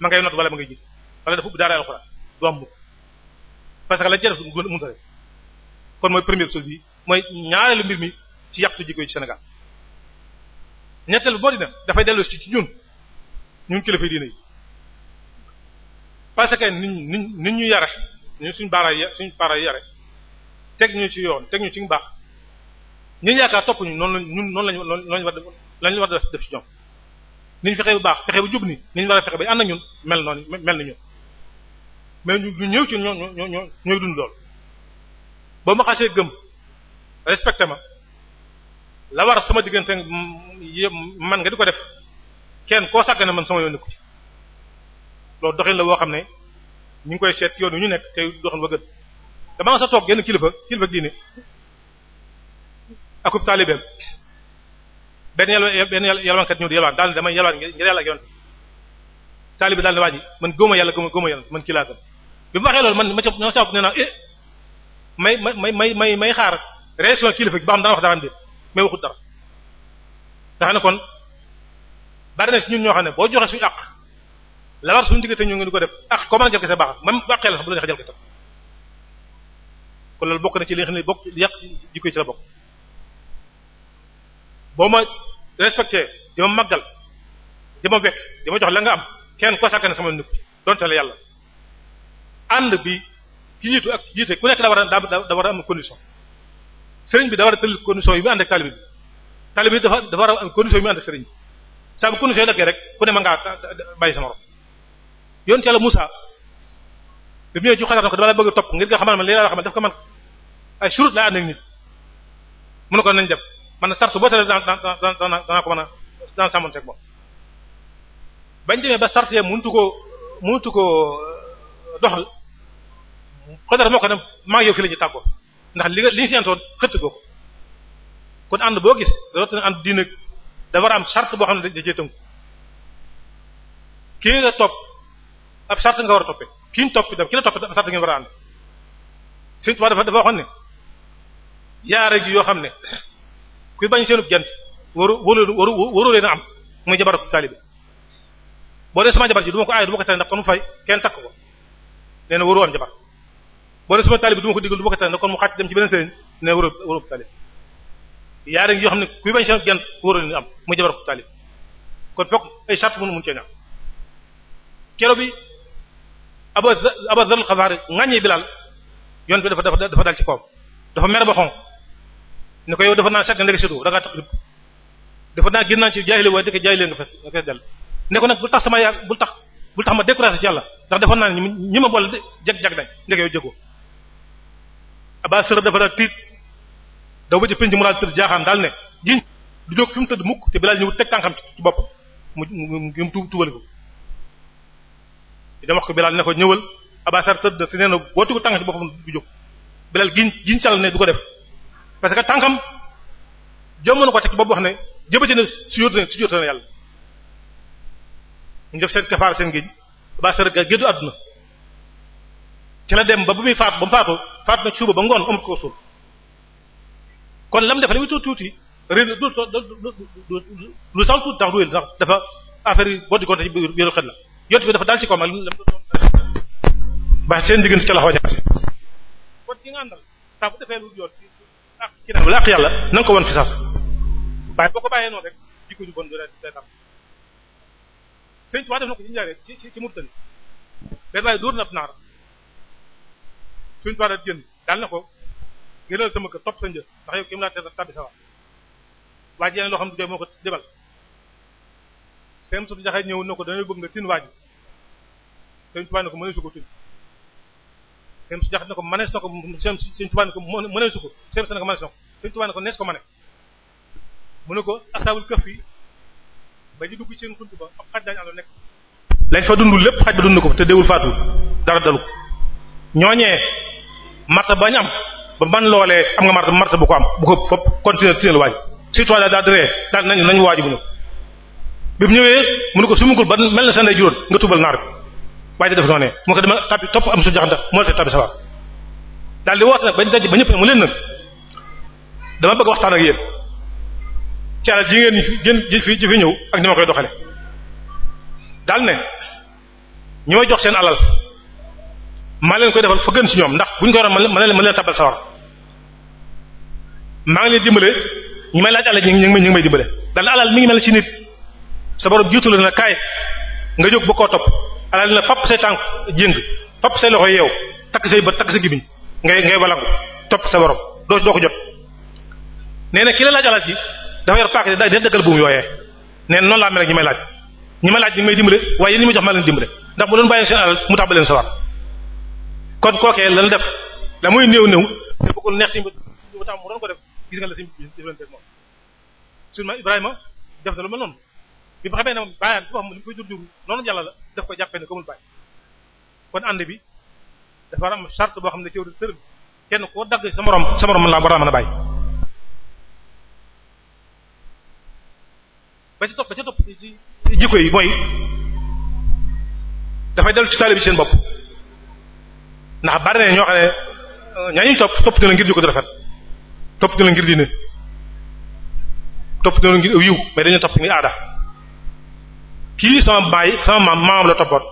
Speaker 3: ma ngay not wala ma ngay jiitu wala dafa ubbi daara alxuraan parce que lañ ci def mënta rek kon mooy première chose mooy ñaareelu mbir mi ci yàqu jikko yi ci Sénégal ñetteelu moo di dafay dellu ci ci ñun ñun kilifa diine yi parce que niñ niñ niñ ñu yare ñu suñ baaraay ya suñ baaraay yare teg ñu ci yoon teg ñu ci mbaax ñu yaakaar topp ñu noonu lañ ñun noonu lañu noonu lañu war lañu war def ci ñoom niñ fexe bu baax fexe bu jub ni niñ war a fexe ba ànd ak ñun mel noonu mel ni ñun mais ñu ñëw ci ñoo ñoo ñoo ñooy dund lool ba ma xasee gëm respecté ma la war sama diggante man nga di ko def kenn koo sàgg na man sama yoon ko ci loolu doxin la woo xam ne ñu ngi koy seet yoon wi ñu nekk tey doxin wa dama nga sa toog genn kilifa kilifa diine akub taalibeem benn yàlla benn yàllaankat ñëw di yàlwaan daal damay yàlwaan ngir yàlla ak yoon taalibe daal ne waa man góoma yàlla góoma góoma man kii bi mu waxee loolu man ma ca ma nee naa eh may may may may may xaar réaction kilifa gi ba xam dana wax dara am may waxut dara nga ne kon bari na ci ñun ñoo xam ne boo joxe suñu àq la suñu ñu ngi di ko def ak ko mën a jël kese baax même bu àqee la sax loolu bokk na ci li nga ne bokk yàq jikko ci bokk boo ma respecté di ma màggal di ma wekk di jox la nga am kenn ko sàkkane sama nit donte la yàlla ànd bi ki jiitu ak jiite ku nekk da war a a am condition sëriñ bi da war a tëral condition yi mu ànd ak taalib bi taalib dafa war a am condition yi mu ànd ak sëriñ condition yi dakkee rek ku ne ma ngaa bàyyi sa morom yoon ci yàlla bi mu ñëwee ci xalaat ko dama la bëgg topp ngir nga xamal ma li la xamal daf ko man ay surut laa ànd ak nit mun ko nañ dem man sartu boo tëddee daan daan daan daan ko mën a daan sàmmanteeg bañ demee ba sart yee mëntu koo mëntu koo ko dara moo ko ne maa ngi yow fi la ñu tàggoo ndax li nga li nga séentoon xëtt ko kon ànd boo gis rawatina ànd diina da war a am charte boo xam ne da cee tënku kii la topp ab charte nga war a toppee ki ñu topp daf ki la topp ab charte ngeen war a ànd Sëriñ Tuubaa dafa dafa waxoon ne yaare gi yoo xam ne kuy bañ jant waru waru waru waru leen am muy jabar ak boo dee sama jabar ji du ko aay du ko tere ndax kon mu fay kenn takk ko nee na waru am jabar boo ne suma taalib du ko digal du ma ko taalib kon mu xàcc dem ci beneen ne wóor wóor ko taalib yaa ngi yoo xam kuy bañ sa gent wóor ni am mu jabar ko taalib kon fokk ay charte mun cee ñàkk kero bi aba aba zarul xasaari ŋàññee bilaal yoon bi dafa dafa dafa dal ci kawam dafa mer ba xonq ne ko yow dafa naa sàgg ndek surtout da dafa naa gis naa ci jaahili waaye dëkk jaahili nga fes nga fes dal ne tax sama yaa bul tax bul tax ma découragé yàlla ndax defoon naa ñi ma boole jag jag dañ ndek yow jëgoo Aba Sër dafa daal tiit daw ba ci penc mu daal tëdd jaaxaan daal ne giñ du jóg fi mu tëdd mukk te Bilaal ñëw teg tànkam ci boppam mu mu tu tuubale ko. dama wax ko Bilaal ne ko ñëwal Aba Sër tëdd te nee na tànkam ci boppam du jóg Bilaal giñ giñ sal ne du ko def parce que tànkam jom na ko teg ci bopp wax ne jëbëte si yóotu na si yóotu na yàlla. ñu def seen kafaar seen géej Aba Sër géddu àdduna. ci la dem ba bu muy faatu ba mu faatu faatu na suuba ba ngoon amut ko suul kon lam def li muy tuuti tuuti réer du du du lu sax tuuti ndax ruwén ndax dafa affaire yi boo diggoon ci biir xel la yottu bi dafa daal ci koom ak lam doon ba seen diggante ca la xaw kon ki nga àndal saa bu defee lu yoon ci ak ci naan wala ak yàlla na nga ko won fi sax waaye boo ko bàyyee noonu rek jikko ju bon du day day tàmm sëñ Tuubaa def na ko ci njaaree ci ci ci Murtani benn waaye dóor na ab naar suñu tubaab daal génn daal a tabbi sa loo xam ne moo ko débal ñëw na ko dañoo bëgg nga tin waa ji ko mënee su ko tin seen su jaxee ko mënees ko seen ko mënee su ko seen su ne ko mënees na ko seen tubaab ne ko nees ko mëne mu këf yi ba ñu dugg seen xunt ba xaj daañu àndoon nekk. lañ fa dund lépp xaj ba dund ko te deewul faatu dara dalu ñooñee. marta ba am ba man loolee am nga marta marta bu ko am bu ko fop continuer tinel waaj surtout daal daal di ree daal nañ nañu waaju bu ñu bi mu ñëwee mu ko su mungul ba mel na sa ndey juróon nga tubal naar bi waaye da def noonee mu ko dama tàbbi topp am su jaxanta moo la tàbbi sawar daal di woote nag bañ daj ba ñëpp ne mu leen nag dama bëgg waxtaan ak yéen ci alal ji ngeen ji fi ñëw ak ni koy doxale daal ne ñi jox seen alal maa leen koy defal fa gën ci ñoom ndax bu ñu ko yoroon a na leen tabal sawar maa ngi leen dimbale ñu may laaj alal ñu ngi ñu ngi may mi ngi mel ci nit sa jiitu la na kaay nga jóg ba koo topp alal na fapp say tànk jéng fapp say loxo yeew takk say bët takk sa gibiñ ngay ngay walangu topp sa borom doo doo ko jot nee na ki la laaj alal ji dafa yor paak da dëggal buum yooyee nee na noonu laa mel ak ñi may laaj ñi laaj ñi may dimbale waaye yéen ñi ma jox maa leen dimbale ndax mu doon bàyyi seen alal mu tax ba leen sawar kon kookee la muy néew néew te bëggul neex si ba tax mu doon ko def la si jëflanteeg moom sunu maam na lu mel noonu bi ma jàppee ne ko mul bàyyi kon ànd bi dafa war charte boo xam ne ci kenn koo dagg sa morom sa morom laa war a mën a bàyyi.
Speaker 1: ba ci topp ba ci topp ci
Speaker 3: jikko yi mooy dafay dellu ci taalibe bi seen bopp. ndax bari na ñoo xam ne ñaañuy topp topp na la ngir jikko ju rafet topp na la ngir diine topp na la ngir yiw mais dañu topp ngir aada kii sama baay sama maam maamam la toppoon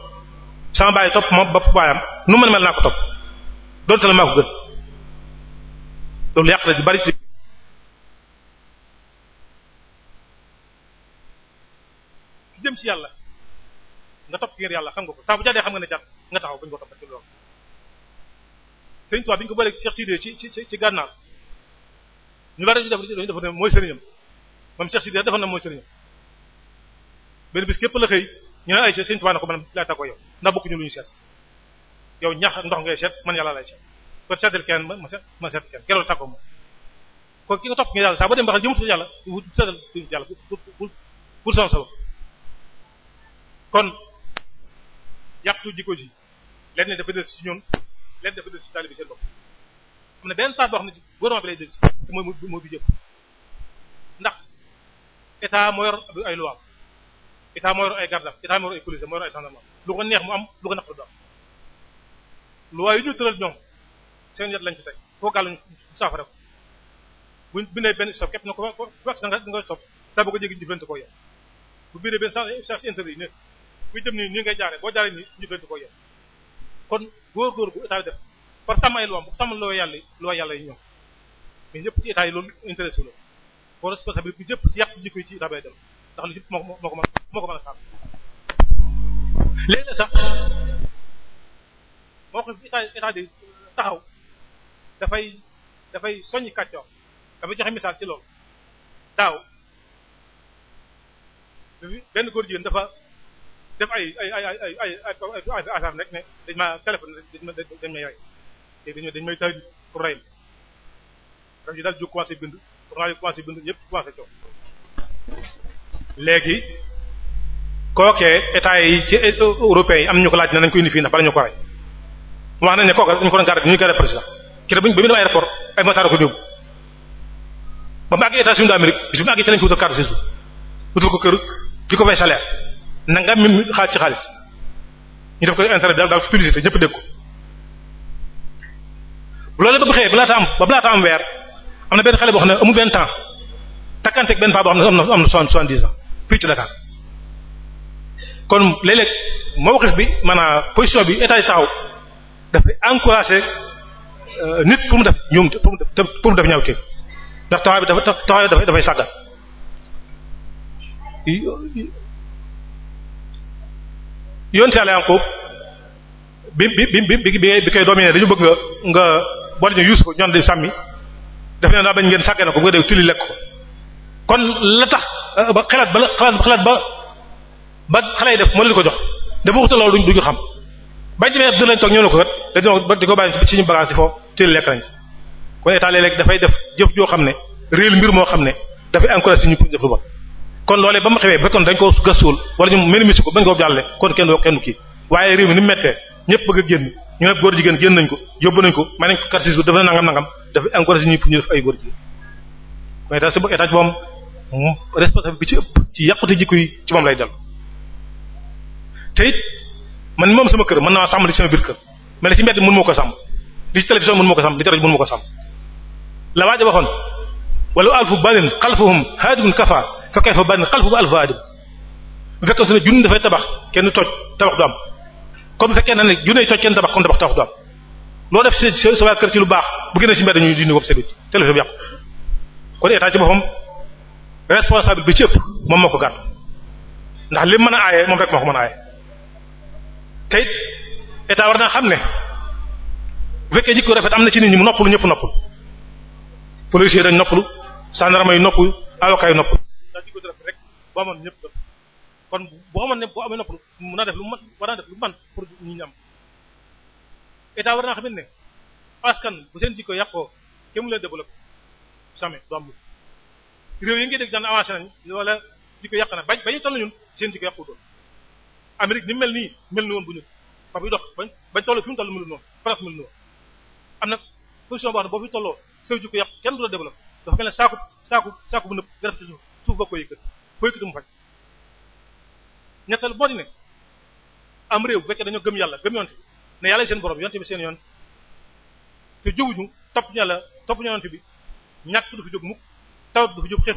Speaker 3: sama baay topp ma bopp baayam nu man mel naa ko topp doon te maa ko loolu yàq di bari ci jëm ci yàlla nga topp ngir yàlla xam nga ko jàddee xam nga ne jàdd nga taxaw bañ ko toppati loolu sëñ Tuubaa bi ñu ko booleeg Cheikh Sidé ci ci ci gànnaar ñu bari ñu def dañu def ne mooy sëriñam moom Cheikh Sidé defoon na mooy sëriñam benn bis képp la xëy ñu ne ay sëñ Tuubaa na ko man laa tàggoo yow ndax bokkuñu lu ñu seet yow ñax ak ndox ngay seet man yàlla lay seet kon seetal kenn ma seet ma seet kenn keroog ki nga topp nga yàlla saa ba dem ba xam jëmutu yàlla wut seetal yàlla pour pour sama sabab kon yàqtu jikko ji lenn dafa des ci ñun leen dafa dellusi taalibe seen bopp am na benn xam ne ci gouvernement bi lay dellusi te mooy mooy bi jëpp ndax état moo ay loi état moo ay gardam état moo yor ay police moo ay gendarme lu ko neex mu am lu ko naqaru daal loi yu ñu tëral ñoom seen yat lañ ci teg foo gàlluñ saafara ko buñ bindee benn stop képp na ko ko wax nga ko jéggi jëflante koo yem bu bindee benn sens interdit ne kuy jëm nii nii ngay jaaree boo jaaree nii jëflante koo yem kon góorgóor gu état bi def par sàmm ay yàlla loo yàlla yi ñoom mais ñëpp ci état yi loolu intéressé wu la boo responsabilité bi ñëpp ci yàq jikko yi ci état dem ndax moo moo ko mën moo ko mën a sàmm sax moo ko état état di taxaw dafay dafay soññi kàccoor dafay joxe message ci loolu daaw benn góor jigéen dafa def ay ay ay ay ay ay ay rek ne dañ maa téléphone dañ ma dañ may rey te dañ dañ may tëj pour rey ma rajo daal di commencé bind journal yi commencé bind ñëpp commencé coow. léegi kookee état yi ci européens yi am ñu ko laaj ne nañ ko indi fii ndax bala ñu ko rey wax nañ ne kooku dañ ko doon garder ñu ngi koy président kii ba ñu dem aéroport ay motards ko yóbbu ba mu àgg États-Unis d'Amérique bis bu mu àgg ci lañ ko wutal carte de séjour wutal ko kër fi ko fay salaire. nangam mi xaaj ci xaalis ñu def ko internet daal daal ko publicité ñëpp dégg ko bu loolu ba bu xëyee ba laata am ba laata am weer am na benn xale boo xam ne amul benn temps takkanteeg benn faa boo xam ne am na am na soixante-dix ans fii ci Dakar kon léeg-léeg mawqif bi maanaam position bi état yi taxaw dafay encourager euh, nit pour mu def ñoom pour mu def pour mu def ndax taxawaay bi dafa taxawaay dafay dafay sàggal. yoon yonte yàlla Yaqub bi bi bi bi bi koy dominé dañu bëgg nga nga boole ñu Yuusuf ñoon di sàmmi daf ne daa bañ ngeen sàggane ko bu nga def tili lekk ko kon la tax euh, ba xalaat ba xalaat xalaat ba ba xale yi def moo leen ko jox dafa wuxta loolu duñ duñu xam bañ demee dën lañ toog ñëw na ko kat dañoo di ko bàyyi ci ñu bagage di foofu tili lekk dafay def jëf joo xam ne réel mbir moo xam ne dafay encouragé ñu pour def lu ba kon loolee ba mu xewee ba kon dañ koo gëstuwul wala ñu minimise ko bañ koo jàlle kon kenn doo kenn kii waaye réew mi ni mu méttee ñëpp bëgg a génn ñu ne góor jigéen génn nañ ko yóbbu nañ ko may nañ ko quartier dafa na nangam nangam dafa encouragé ñu pour ñu def ay góor jigéen kon état moom responsable bi ci ëpp ci yàqute jikko yi ci moom lay dal te man moom sama kër mën naa sàmm li sama biir kër mais li ci mbedd mën ko sàmm li ci télévision mën moo ko ko sàmm la waaja waxoon wala alfu balin xalfahum haadun kafa fa kay fa bànn xalfu alfu aadim bu fekkee su ne junni dafay tabax kenn toj tabax du am comme bu fekkee na ne junni toj kenn tabax kon tabax tabax du am loo def sa sa waa kër ci lu baax bu génnee ci mbedd ñu dindi wopp sebi téléphone bi yàqu kon état ci boppam responsable bi cëpp moom moo ko gàtt ndax li mën a aaye moom rek moo ko mën aaye te it war naa xam ne bu fekkee jikko rafet am na ci nit ñi mu noppalu ñëpp noppalu policier dañ noppalu gendarme yi noppalu avocat yi noppalu bu amoon ñëpp def kon bu xamoon ne bu amee nopp mun a def lu man war naa def lu man pour ñi ñu am war na xam ne askan bu seen jikko yàqoo kému leen développé samé du am réew ngi dégg daan avancé nañ wala jikko yàq ba ba ñu toll ñun seen jikko yàqu doon Amérique ni mel nii bu ñu ba buy dox bañ bañ fi mu toll mënul noonu faraf mënul na position boo xam ne boo fi tolloo seen kenn du la développé dafa mel ne saaku saaku saaku bu nëpp nga ci suuf suuf ba ko boo yëkkati mu faj ñettal boo am réew bu fekkee dañoo gëm yàlla gëm yonte bi ne yàlla seen borom yonte bi seen yoon te jóguñu topp ñu yàlla topp ñu yonte bi ñàkk du fi jóg mukk tawat du fi jóg xeex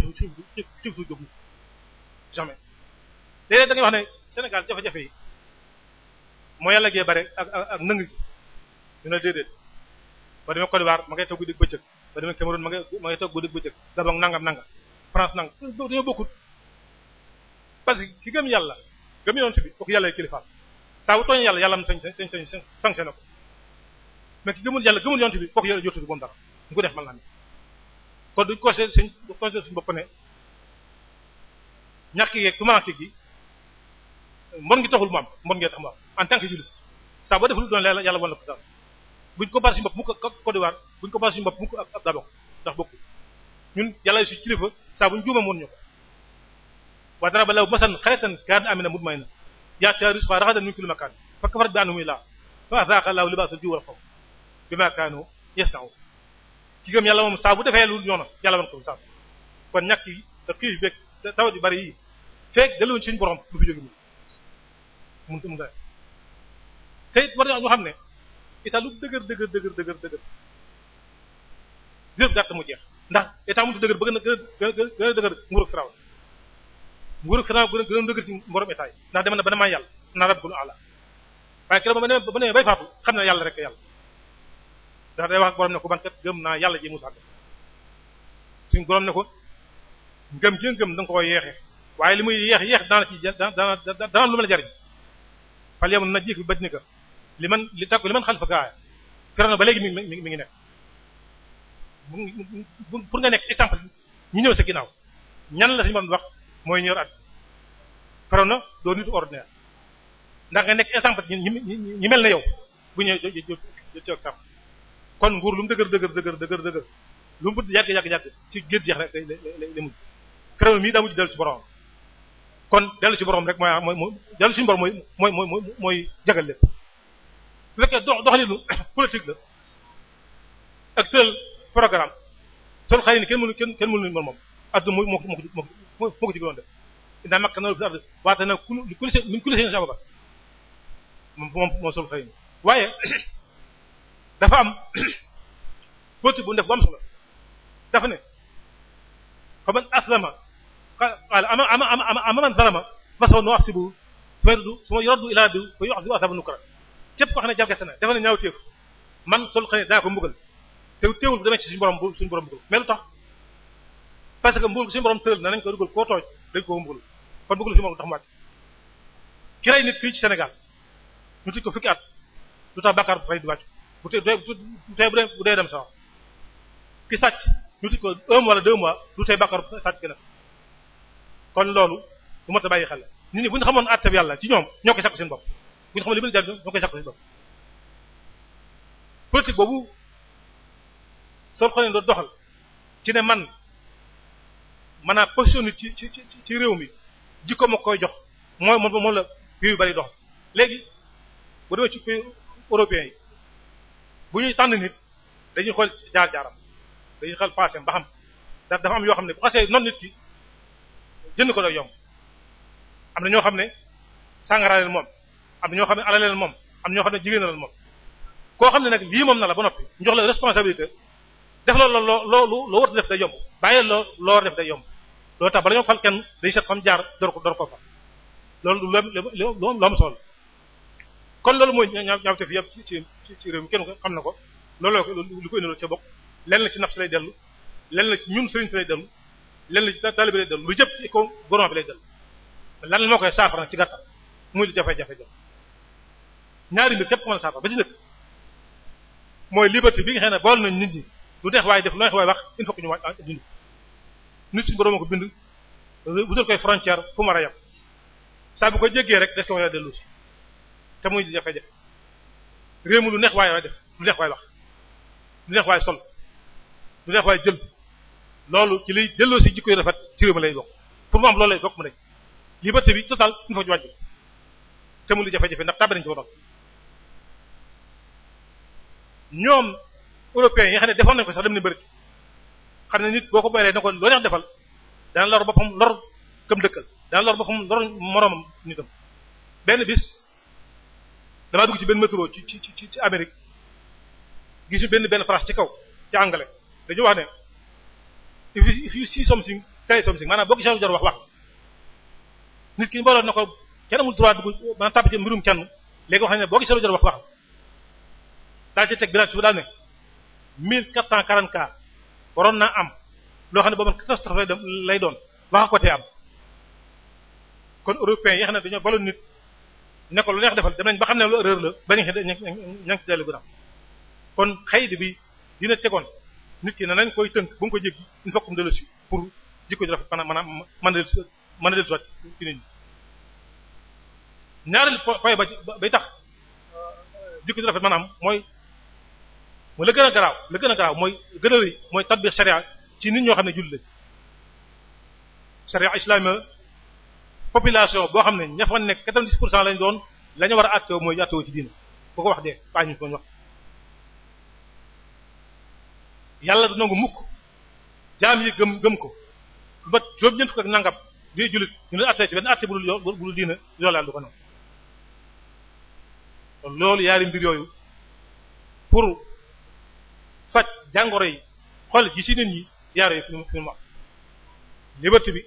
Speaker 3: wax ne Sénégal jafe-jafe yi moo yàlla gee bare ak ak nëng gi ñu ne déedéet ba demee Côte ma ngay toog guddi bëccëg ba demee Cameroun ma ngay ma te toog guddi bëccëg dabang nangam nangam France nangam dañoo bokkut parce que ki gëm yàlla gëm yonent bi kooku yàlla kilifaam saa bu tooñee yàlla yàlla am sañ sañ sañ sanctionné ko mais ki gëmul yàlla bi kooku yàlla jotul boom dara mu ko def mën ne kon duñ conseillé suñ conseillé suñu bopp ne ñàkk yeeg tumaranke gi mbon ngi taxul mu am mbon ngee tax mu am en tant que jullit saa boo deful doon yàlla yàlla wan la ko dara ko baal suñu bopp mu ko Côte buñ ko baal suñu bopp mu ko ab daa bokk ndax bokk ñun yàlla suñu kilifa saa buñ juuma moon ñu ko wa daraba lahu masalan qaryatan kaanat aaminnatan mutma'innatan a rizqahaa ragadan min kulli makaan fa kafarat a an'umil laahi fa azaaqa llaahu libaasal juu' wal xawf bimaa kaanu yasna'uun ki gëm yàlla moom saa bu defee lu ñoona yàlla wan ko saa kon ñàkk yi te xiif beeg te tawat yu bari yi feeg delluwoon ci suñu borom fi jógee mu mun te it war nañoo xam ne état lu dëgër dëgër dëgër dëgër dëgër mu jeex ndax état mu dëgër ba gën a nguur ak xanaa gën a dëgër ci mborom état dem na ba ne yàlla naa rabbul ala waaye keroog ba ba demee bay xam ne yàlla yàlla ndax day wax ne ko ban kat naa yàlla ji Musaa suñu borom ne ko ngëm gi ngëm da nga waaye li muy yeex yeex daana ci dana dana lu ma la jariñ fal yam na jiik bi baj ni ka li man li tàkku li man xalifa gaaya ba léegi mi mi mi ngi nekk pour nga nekk exemple ñu ñëw sa ginnaaw ñan la suñu borom wax mooy ñor at corona doo nit ordinaire ndax nga nekk exemple ñi mel na yow bu ñëwee jo jo exemple kon nguur lu mu dëgër dëgër dëgër dëgër dëgër lu mu yàgg yàgg yàgg ci géej jeex rek day day day mujj créé mii ci borom kon dellu ci borom rek mooy mooy mooy dellu ci borom mooy mooy mooy mooy jagal lépp dox doxalinu politique la ak programme sol xëy na kenn mënu kenn kenn mënu moom moom adduna moo moo ko digaloon de inna makkanaa lahu fil ardi waatanaa kulli min kulli shay'in sababa moom moom moom soo waaye dafa am bët bu ndef bu am solo dafa ne fa man aslama qaala ama ama ama man zalama fasawfa nu'aqibuhu fa yuraddu summa yuraddu ilaa rabbihi fa yu'adhabu 'adhaaban nukraa képp koo xam ne jalgati na dafa ne ñaaw téef man soo xëy daa ko mbugal te teewul bu demee borom suñu borom mbugal parce que mbugal suñu borom tëral na nañ ko dugal koo tooj dañ koo mbugal kon mbugal suñu borom tax mu wàcc ki rey nit fii ci Sénégal ñu tëj ko fukki at lu tax bàkkaar bu rey di wàcc bu tee bu dee dem sax ki sàcc ñu tëj ko un mois wala deux lu tey bàkkaar sàcc ki la kon loolu lu mat a bàyyi xel nit ñi bu ñu xamoon àtte bi yàlla ci ñoom ñoo koy sàkku seen bopp bu ñu xamoon li mu jàll ñoo koy sàkku seen bopp politique boobu soo ko ne doon doxal ci ne man maanaam position nit ci ci ci réew mi jikko ma koy jox mooy moom la réew yu bari dox léegi bu demee ci pays européens yi bu ñuy tànn nit dañuy xool jaar-jaaram dañuy xool passé ba dafa am yoo xam ne bu xasee noonu nit ki jënd ko da yomb am na ñoo xam ne sàngara leen moom am na ñoo xam ne leen moom am na ñoo xam ne jigéen moom koo xam ne nag lii moom na la ba noppi njox jox la responsabilité def loolu loolu loo war def day yomb bàyyi loo loo def day yomb loolu tax bala ñoo fal kenn day seet fam jaar door ko door ko fa loolu lu lu am kon loolu mooy ñaaw ñaaw te fi yëpp ci ci ci xam na ko looloo ko lu ko indiloon ca bokk lenn la ci naf si lay dellu la ci ñun sëriñ si lay lenn ci taalibe lay dellu lu jëpp ci ko gouvernement bi lay lan moo koy saafara ci gàttal muy jafe-jafe jox ñaari mbir ba ci njëkk mooy liberté bi nga xam ne bool nañ nit ñi lu neex waaye def lu neex waaye wax il faut ñu waaj dund nit si borom ko bind wutal koy frontière fu mu war a yem saa bu ko jéggee rek des ko war dellu si te muy jafe-jafe réew def lu neex waaye wax lu neex sol lu neex waaye jël loolu ci liy delloo si jikkoy rafet ci réew mi lay bokk pour mu am loolu lay bokk mu nekk liberté bi total il faut ñu waaj te muy jafe-jafe ndax tàbbi nañ ci ñoom européens yi nga xam ne defoon nañ ko sax dem na bëri xam ne nit boo ko boolee ne ko loo neex defal dana lor boppam lor këm dëkkal dana lor boppam lor moroomam nitam benn bis damaa dugg ci benn métro ci ci ci ci Amérique gisu benn benn phrase ci kaw ci anglais dañu wax ne if you see something say something maanaam boo gisee lu wax wax nit ki ñu booloon na ko kenn amul droit dugg maanaam ci mbirum kenn léegi wax nañ ne boo gisee lu jar wax wax daal ci teg bi daal ci 1444 waroon naa am loo xam ne boobu catastrophe lay doon wax ko tee am kon européen yi xam ne dañoo baloon nit ne ko lu neex defal dem nañ ba xam ne lu erreur la ba nga ña ngi ci dellu gannaaw kon xaydi bi dina tegoon nit ki ne nañ koy tënk bu nga ko jéggi il faut que mu si pour jikko ji rafet maanaam maanaam mën a mën a dellu si waat ci nit ñi ñaareel point ba bay tax
Speaker 1: euh,
Speaker 3: ji rafet maanaam mooy mu la gën a garaaw la gën a garaaw mooy gën a rëy mooy tatbiq sharia ci nit ñoo xam ne jullit lañ sharia islamique population boo xam ne ña fa nekk 90 pour cent lañ doon lañu war a àtteewoo mooy àtteewoo ci diina ku ko wax dee baa ñu ko wax. yàlla du nangu mukk jaam yi gëm gëm ko ba juróom-ñeent fukk ak nangam di jullit ñu leen àttee ci benn àtte bu dul diina loolu du ko nangu loolu yaari mbir yooyu pour. faj jàngoro yi xol gi ci nit ñi yaaro yi fi mu fi mu wax liberté bi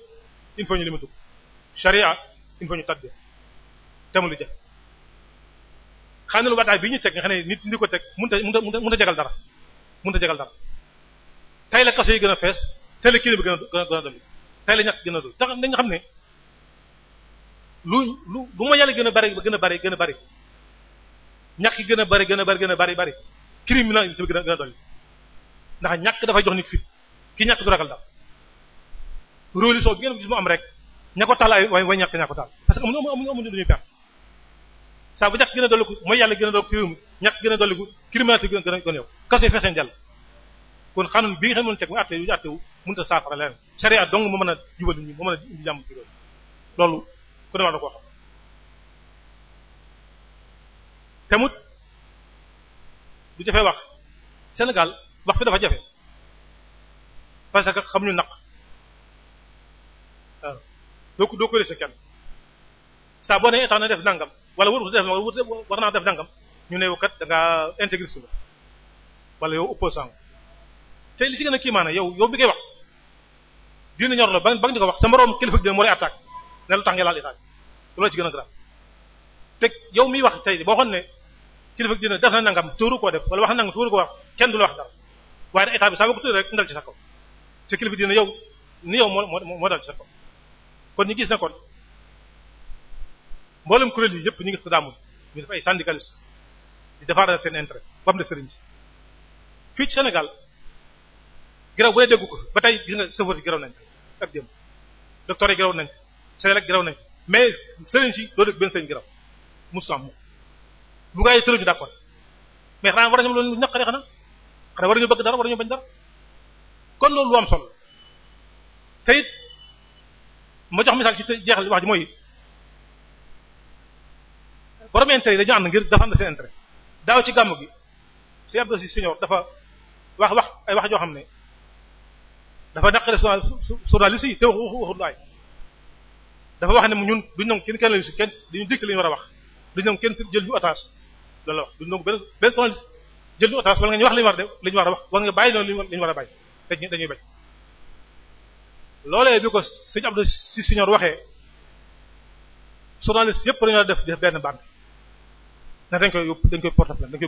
Speaker 3: il faut ñu limatu ko charia ñu tàgge tamalu jëf lu wataay bi ñu teg nga xam ne ko teg mënut a mënut a a jagal dara mënut a jagal tey la kaso gën a fees tey la kii bi gën a ne lu lu ma yàlla gën a bari gën a bari gën a bari ñàkk gën a bari gën a bari gën bari bari criminalité bi gën a gën a dolli ndax ñàkk dafay jox nit fit ki ñàkk du ragal dara religion bi ngeen gis mu am rek ña ko taal ay way way ñàkk ña ko taal parce que amuñu amuñu amuñu dañuy perte saa bu ñàkk gën a dolliku mooy yàlla gën a dolliku réew mi ñàkk gën a dolliku criminalité gën a gën a yow kaso yi feeseen jàll kon xanun bi nga xam ne mën teg mu àtte yu àtte wu mënut a saafara leneen sharia dong mu mën a jubal nit ñi mu mën a indi jàmm ci loolu loolu ku ne war na koo xam tamut du jafee wax Sénégal wax fi dafa jafe parce que xamuñu naq waaw doo ko doo nee état na def nangam wala wut def war naa def nangam ñu ne yow kat da ngaa intégriste la wala yow opposant te li ci gën a yow yow bi ngay wax diine ñor la ba nga ko wax sa moroom kilifa gi moo lay attaque ne lu tax nga laal état loolu ci gën a grave te yow miy wax tey boo xoon ne kilifa gi def na nangam tóoru koo def wala wax na nangam tóoru koo wax kenn du la wax dara. waaye nag état bi saa boo ko tuddee rek ndal ci sa kaw te kilifa dina yow ni yow moo moo moo dal ci sa kaw kon ñu gis ne kon mboolem kuréel yi yëpp ñu ngi tëddaamul ñu def ay syndicalistes di défendre seen intérêt ba mu def sëriñ ci fii ci Sénégal giraw bu dee déggu ba tey gis nga chauffeur yi giraw nañ ak démb docteur yi giraw nañ Sénégal giraw nañ mais sëriñ si doo dégg benn sëriñ giraw musu am mu bu gaa yi mais xanaa war nañu loolu ñaq rek xanaa xam ne war ñu bëgg dara war ñu bañ dara kon loolu lu am solo te it ma jox misaal ci jeexal wax ji mooy borom intérêt yi dañu ànd ngir dafa ànd seen intérêt daaw ci gàmm gi seen abdosi senior dafa wax wax ay wax joo xam ne dafa naqare journaliste yi te wax waxul laay dafa wax ne mu ñun duñ nangu kenn kenn lañu kenn dañu dikk li ñu war a wax duñ nangu kenn jël ñu otage loolu la wax duñ benn benn jël ñu otage wala nga ñu wax li ñu war a def war a wax wala nga bàyyi loolu li war a bàyyi dañuy dañuy bañ loolee bi ko sëñ Abdou si siñor waxee journaliste yëpp dañoo def def benn bande ne dañ koy yóbbu dañ koy porte plainte dañ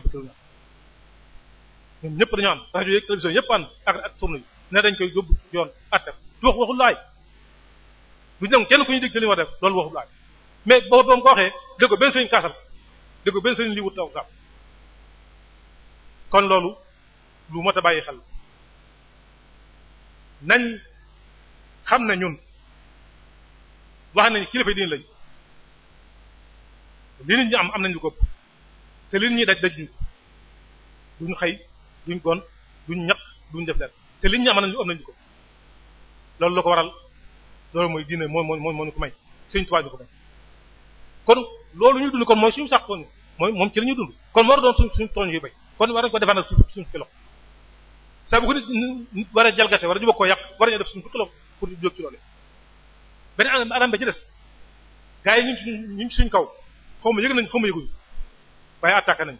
Speaker 3: ñëpp dañoo ànd yëpp ànd ak ak tourne ne dañ koy yóbbu yoon àtteef du wax kenn ku ñu dégg li ñu def loolu waxul laay mais boobu ba mu ko waxee dégg ko benn sëñ kaasam dégg ko benn sëñ lii wut taw taw. kon loolu lu mot a bàyyi xel nañ xam na ñun wax nañ kilifa yi diine lañ li nit ñi am am nañ lu ko te li nit ñi daj daj ñu duñ xëy duñ gon duñ ñaq duñ def te li ñu am nañ am nañ lu ko loolu la ko waral loolu mooy diine moo moo moo ñu ko may Sëriñ Tuubaa loolu ñu dund kon mooy suñu sax mooy moom ci la ñu dund kon moo doon suñ suñu tooñ yu bay kon war nañ ko defar nag suñu fukki loxo ko nit war a jalgate war ñu bëgg koo yàq war nañoo def suñu fukki loxo pour ñu jóg ci loolu beneen anam anam ba ci des gars yi ñu suñ kaw xaw ma yëg nañ xaw ma yëguñu waaye attaqué nañ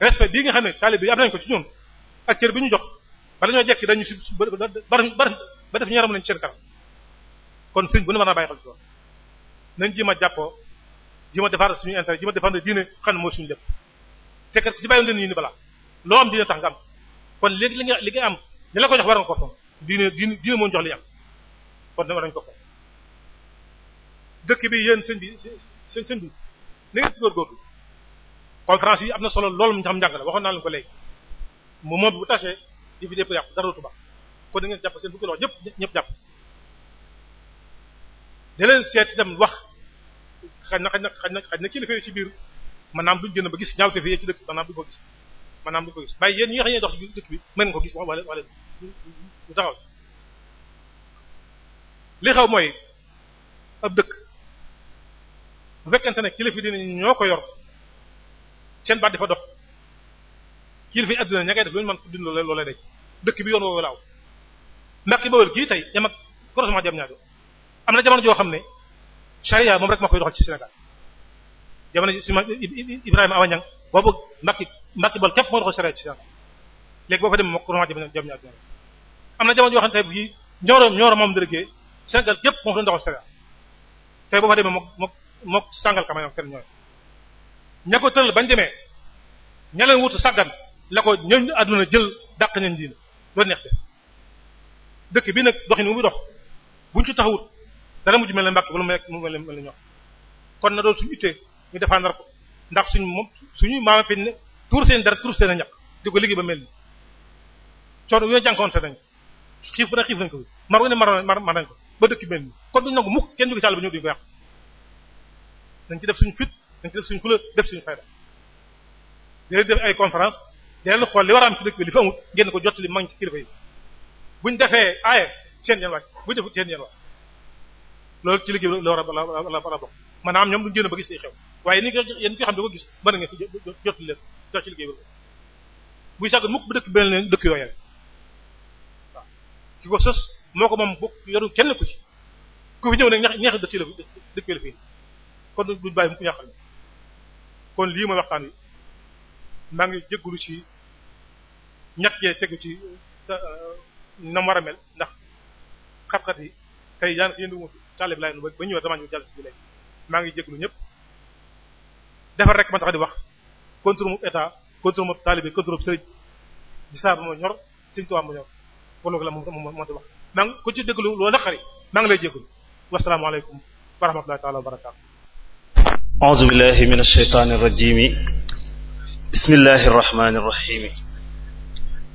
Speaker 3: respect bii nga xam ne taalib bi am nañ ko ci ñoom ak cër bi ñu jox bala ñoo jekki dañu si ba ba ba def ñaram nañ cër kanam kon sëñ bu ne war naa bàyyi xel ci loolu nañ jéem a jàppoo jéem a defar suñu intérêt jéem a defar diine xam ne mooy suñu lépp te kat ci bàyyi leen yéen balaa loo am dina tax nga am kon léegi li am ñi la ko jox war nga ko fonk diine diine diine jox li am kon dama dañ ko bi yéen sëñ ci góorgóorlu yi am na solo loolu mu xam njàng naa leen ko léegi moom bu tasee yi fi dépp yàqu dara dootu baax kon da ngeen ñëpp ñëpp seet itam wax xaj na xaj na xaj na xaj na kilifa yi ci biir maanaam duñ génn ba gis ñaaw te fi ci dëkk maanaam duñ ko gis maanaam duñ ko gis waaye yéen ñi dox ci dëkk bi mën ko gis wala wala lu taxaw li xaw mooy ab dëkk bu fekkente ne kilifa dina ñoo ko yor seen baat dafa dox kilifa adduna ña ngay def lu ñu mën dund loolu lay dëkk bi yoon woowu laaw ndax ki bawol kii tey yam ak croisement jam ñaajo am na jamono joo xam ne charia moom rek moo koy doxal ci Sénégal jamono si ma Ibrahima Awa Niang boobu mbakki mbakki bool képp moo doxal sariya ci Sénégal léegi boo fa demee moom jamono jëm ñaar am na jamono yoo bi ne tey jii ñooro ñooro moom dërëgee Sénégal yëpp moo doon doxal sariya tey boo fa demee moom moom moom sàngal ka seen ñooy ña àdduna jël dàq nañ diina dëkk bi nag doxin mu muy ci taxawut dara mujj mel ne mbàkk wala mu kon na doon suñu ittee ñu défendre ko ndax suñ moom suñu maama fi ne tuur seen dara tuur seen na ñaq di ko liggéey ba mel ni coono yooyu jànkoonte nañ xiif na xiif nañ ko mar wu ne mar mar nañ ko ba dëkk mel ni kon duñ nangu mukk kenn jóge sàll bu ñëw duñ ko dañ ci def suñ fit dañ ci def def suñ fayda dinañ def ay conférence dinañ xool li war a li fi amut ko jottali mag ci kilifa yi defee aaye seen yéen wàcc buñ defut seen yéen wàcc loolu ci liggéey bi la war a la war a maanaam ñoom duñ génn ba gis ci xew waaye ni nga yéen nga xam ne ko gis mën nga jot leen jot ci liggéey boobu buy sàgg mukk bu dëkk beneen dëkk yooyu waaw ki ko sos moo ko moom bokk yoru kenn ku ci ku fi ñëw nag ñax ñax dëkk yi la dëkk yi kon duñ bàyyi mukk ñaxal kon lii mooy waxtaan wi maa ngi jégalu ci ñàkk yee tegu ci euh, na mu war a mel ndax xat-xat yi tey daanaka yëndu mu taalib laay nu ba maa ngi jégalu ñépp defar rek ma tax di wax contre mu état contre mu taalibe contre mu sëriñ di saa ba ma ñor Sëriñ Tuubaa ma ñor wala la moom moo di wax maa ngi ku ci déglu loolu la xari maa ngi lay jégalu wasalaamaaleykum wa rahmatullahi taala wa barakaatu.
Speaker 2: a'uuzu billahi mina shaytaani rajiim bismillahi rahmaani rahiim.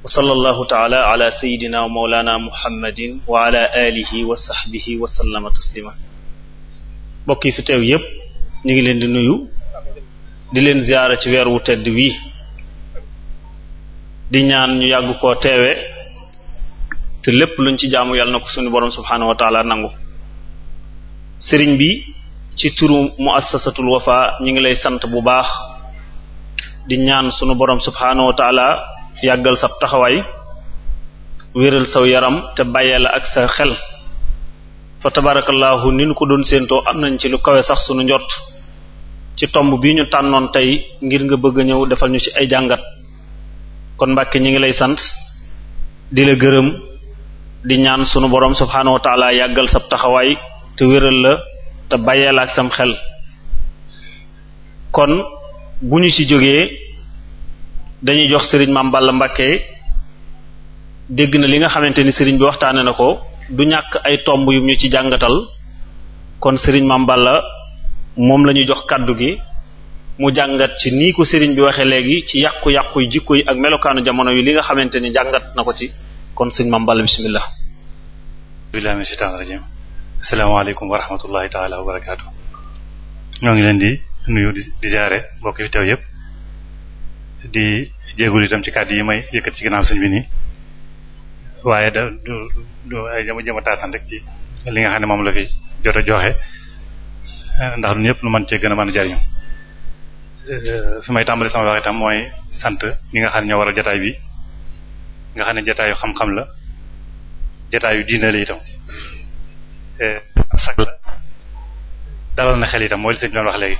Speaker 2: wa sallallahu taala ala sayyidina wa mawlana muhammadin wa ala alihi wa sahbihi wa sallama taslima. mbokk yi fi teew yépp ñu ngi leen di nuyu. di leen ziyaara ci weer wu tedd wii di ñaan ñu yàgg koo teewe te lépp luñ ci jaamu yàlla na ko suñu borom subhaanahu wa taala nangu sëriñ bi ci turu muassasatul wafa ñu ngi lay sant bu baax di ñaan sunu boroom subhaanahu wa yàggal sa taxawaay wéral saw yaram te bàyyee la ak sa xel fa tabarakallahu ni ñu ko doon séentoo am nañ ci lu kawe sax sunu njot ci tomb bi ñu tànnoon tey ngir nga bëgg a ñëw defal ñu ci ay jàngat kon Mbàkke ñi ngi lay sant di la gërëm di ñaan sunu borom subhaanahu wa yàggal sab taxawaay te wéral la te bàyyeel ak sam xel kon bu ñu ci jógee dañuy jox sëriñ Maam Balla Mbàkke dégg na li nga xamante ni sëriñ bi waxtaane na ko du ñàkk ay tomb yu ñu ci jàngatal kon sëriñ màmbal Balla moom lañuy jox kàddu gi mu jàngat ci nii ko sëriñ bi waxee léegi ci yàqu-yàqu yi jikko yi ak melokaanu jamono yi li nga xamante ni jàngat na ko ci kon sëñ Mame Balla bismillah
Speaker 4: billahi min shaytaani rajim asalaamaaleykum wa rahmatullahi taala ngi leen di nuyu di ziare mbokk ci kàddu yi may yëkkat ci ginnaaw sëñ bi nii waaye da du du ay jama jama taataan rek ci li nga xam ne moom la fi jot a joxe Eh, ndax ñun ñëpp nu mën cee gën a mën a jariñu eh, fi tàmbali sama wax itam mooy sant ñi nga xam ne ñoo waral jataay bi nga xam ne jataayu xam-xam la jataayu diine la itam eh, ab sag la dalal na xel itam mooy li sëñ doon wax léegi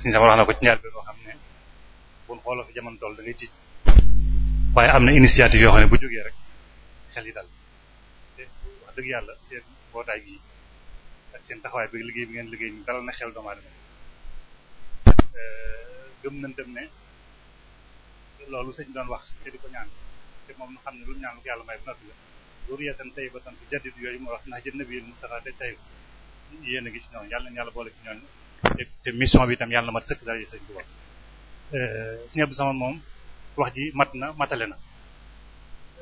Speaker 4: suñu sama wax na ko ci ñaar bi loo xam ne buñ xooloo fi jamono toll da tiit waaye am na initiative yoo xam ne bu jógee rek xel yi dal te wax dëgg yàlla seen mbootaay gi seen taxawaay bi liggéey bi ngeen liggéey ñu dalal na xel doomu euh, gëm nañ ne loolu sëñ doon wax te di ko ñaan te moom nu xam ne lu ñaan lu ko yàlla may bu noppi la loolu yeten tey ba tan jadid yooyu mu wax ndax jën a ngi ci ñoom yàlla boole ci ñoom te mission bi itam yàlla ma mat sëkk daal yi sëñ Tuubaa euh, sëñ Abdou Samane moom wax ji mat na matale na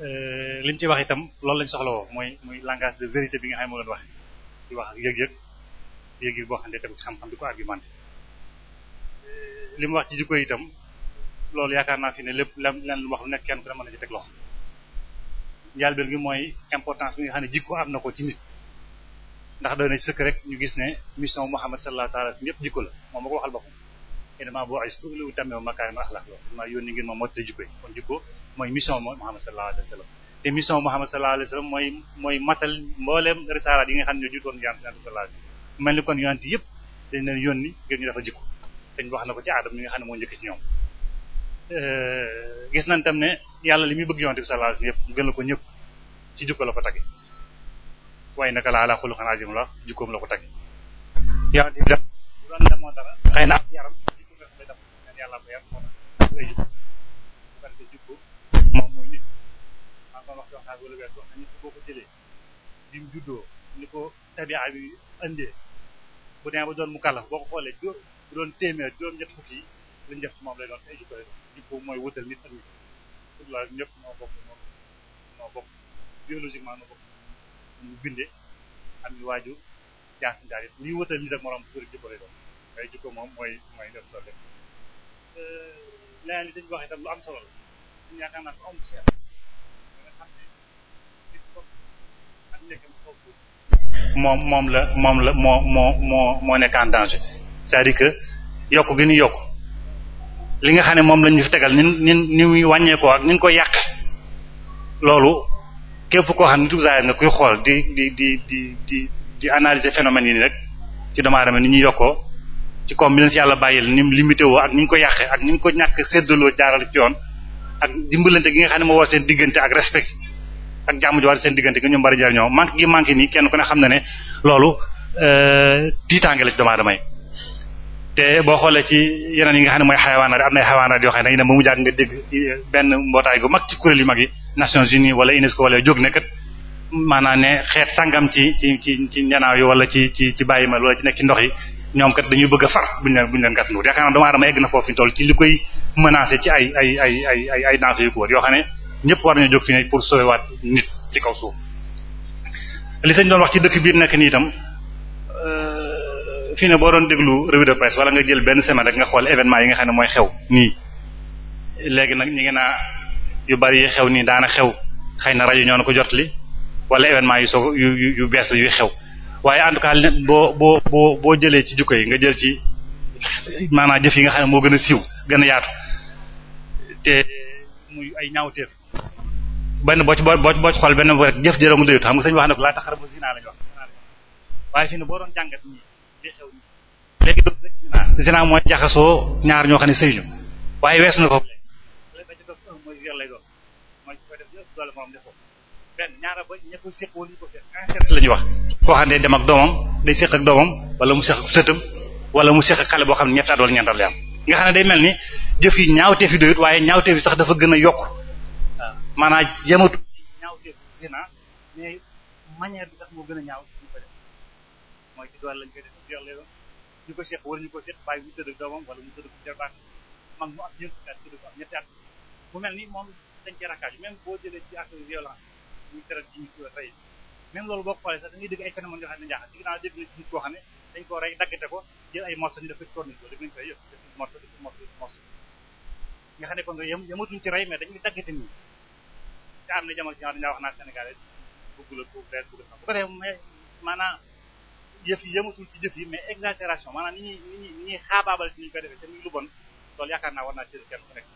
Speaker 4: euh, li mu ci wax itam loolu lañ soxla woo mooy muy langage de vérité bi nga xam moo leen wax di wax ak yëg-yëg yëg boo xam ne tamit xam-xam di ko argumenté li mu wax ci jikko itam loolu yaakaar naa fi ne lépp lan lan lu wax lu nekk kenn ku ne teg loxo njàlbeen gi mooy importance bi nga xam ne jikko am na ko ci nit ndax doy na ci sëkk rek ñu gis ne mission Muhammad sallallahu alayhi wa sallam ñëpp jikko la moom ma ko waxal boppam innamaa bu'istu li utammima makaarimal axlaaq loolu maa yónni ngeen ma mottali jikko yi kon jikko mooy mission mooy Muhammad sallallahu alayhi wa sallam te mission Muhammad sallallahu alayhi mooy mooy matal mbooleem risaalaat yi nga xam ne ñoo jiitu woon yonent bi mel ni kon yonent yëpp dañ leen yónni ngir ñu dafa jikko sëñ bi wax na ko ci aadam mi nga xam ne moo njëkk ci ñoom euh, gis nañ tam ne yàlla li muy bëgg yonent bi sallallahu alayhi wasallam yëpp gën la ko ñëpp ci jikko la ko tagge waaye naka laa ala xuluqan azim la jikkoom la ko tagge yonent bi doon damoo dara yaram moom ma wax waxtaan wala wees wax nañu boo ko jëlee bi mu juddoo ni ko tabia bi indee bu demee ba doon mu kàllaf boo ko xoolee bu doon téeméer juróom-ñett fukk yi lañ def moom mooy wutal nit ak nit la ñëpp noo bokk noo noo bokk biologiquement noo bokk bu bindee am ñu waaju jaaxindaar nit ak morom pour jikko doon ay jikko moom mooy mooy def soo lekk euh, leneen li dañ tam lu am solo la yaakaar naa ko am seet moom moom la moom la moo moo moo moo nekk danger cest à que yokk gi ñu yokk li nga xam ne moom lañ ñu fi tegal nin nin ni muy wàññeekoo ak ni ñu koy yàq loolu képp koo xam ne nitu zaahir nga kuy xool di di di di di di yi nii rek ci doomu aadama ni ñu yokkoo ci comme bi leen fi yàlla bàyyil ni mu limité woo ak ni ñu ko yàqee ak ni ñu ko ñàkk seddaloo jaaral ci yoon ak dimbalante gi nga xam ne moo war seen diggante ak respect ak jàmm ju war seen diggante gi ñoom bari jariñoo manque gi manque nii kenn ku ne xam na ne loolu euh, tiitaange la ci doomu aadama te boo xoolee ci yeneen yi nga xam ne mooy xayawaanaat am na ay xayawaanaat yoo xam ne dañuy dem ba mu jàng nga dégg benn mbootaay gu mag ci kuréel yu mag yi Nations Unies wala UNESCO wala jóg ne kat maanaam ne xeet sangam ci ci ci ci njanaaw yi wala ci ci ci bàyyi ma wala ci nekk ci ndox yi ñoom kat dañuy bëgg a far buñ leen buñ leen gàtt nuur yaakaar naa doomu foofu fi toll ci li koy menacé ci ay ay ay ay ay ay yoo xam ne ñëpp war nañoo jóg fi ne pour sauvewaat nit ci kaw suuf li sañ doon wax ci dëkk biir nekk nii itam euh, fii ne boo doon déglu revue de presse wala nga jël benn semaine rek nga xool événement yi nga xam ne mooy xew nii léegi nag ñi ngi naa yu bari xew nii daana xew xëy na rajo ñoo na ko jot li wala événement yu yu yu bees yuy xew waaye en tout boo boo boo boo jëlee ci jukko yi nga jël ci maanaam jëf yi nga xam ne moo gën a siiw gën a yaatu te muy ay ñaawteef benn boo ci boo boo ci xool benn rek jëf jërë mu doyut xam nga sëñ wax na ko laa taxar bu moo la waaye ñaar ñoo xam ne sëyñu waaye wees na ko mooy réer ñu wax koo xam ne dem ak doomam day séq ak doomam wala mu séq ak sëtam wala mu séq ak xale boo xam ne ñettaat wala ñeentaat lay nga xam ne day mel ni jëf yi ñaawteef yi doyut waaye ñaawteef yi sax dafa gën a yokk waaw maanaam yematu ñaawteef zina mais manière bi sax moo gën a ñaaw ci ñu ko def mooy ci doole lañ koy def jor lay ñu ko seq bu mel ni moom dañ cee rakkaaju même boo jëlee ci acte loolu boo xoolee sax da ngay dégg ay phénomènes yoo xam ne njaaxal ci ginnaaw dégg na ci nit koo xam ne dañ koo rey daggate ko jël ay morceaux ñu def ko tourniquet def nañ ko yëpp def morceau def morceau morceau nga xam ne kon yem yematuñ ci rey mais dañuy daggate nii te am na jamono ci dañaa wax naa Sénégalais bëggul a bëgg a bëgg a bu ko defee mais maanaam yëf yi yematul ci jëf yi mais exagération maanaam ni ñuy ni ñuy ni ñuy xaabaabal ci ñu koy defee te muy lu bon loolu yaakaar naa war naa jël kenn ku nekk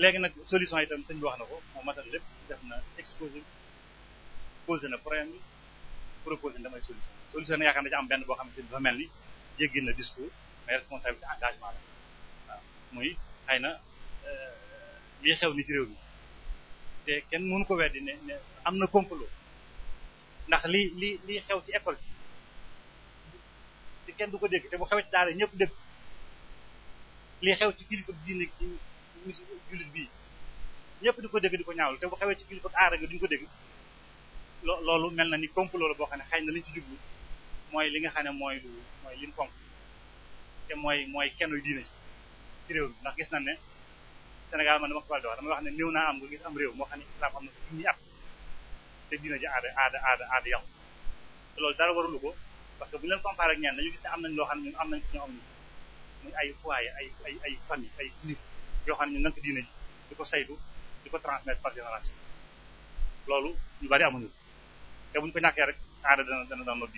Speaker 4: léegi nag solution itam sëñ bi wax na ko moo matal lépp def na exposé posé na problème bi proposé damay solution solution na yaakaar na ci am benn boo xam ne dafa mel ni jéggi na discours mais responsabilité engagement la waaw muy xëy na euh, lii xew ni réew mi te kenn mënu ko weddi ne ne am na complot ndax li lii li xew ci école te kenn du ko dégg te bu xewee ci daara ñëpp dégg li xew ci kilifa diine misi jullit bii ñëpp di ko dégg di ko ñaawlu te bu xewee ci kilifa aara nga duñu ko dégg loolu mel na ni complot la boo xam ne xay na liñ ci jublu mooy li nga xam ne mooy lu mooy liñ fonk te mooy mooy kenn diina ci réew mi ndax gis na ne Sénégal ma dama ko faral di wax dama ne néew naa am am réew moo am na ñuy at te diina ji loolu dara warulu ko parce que bu ñu leen comparé ak ñenn dañu gis ne am nañ loo xam ne am nañ ñoo am ay foyer ay ay ay ay nit yoo xam ne ñu nank diina ji di ko saytu di ko transmettre par génération loolu ñu bari amuñu te buñ ko ñàkkee rek aada dana dana daan lor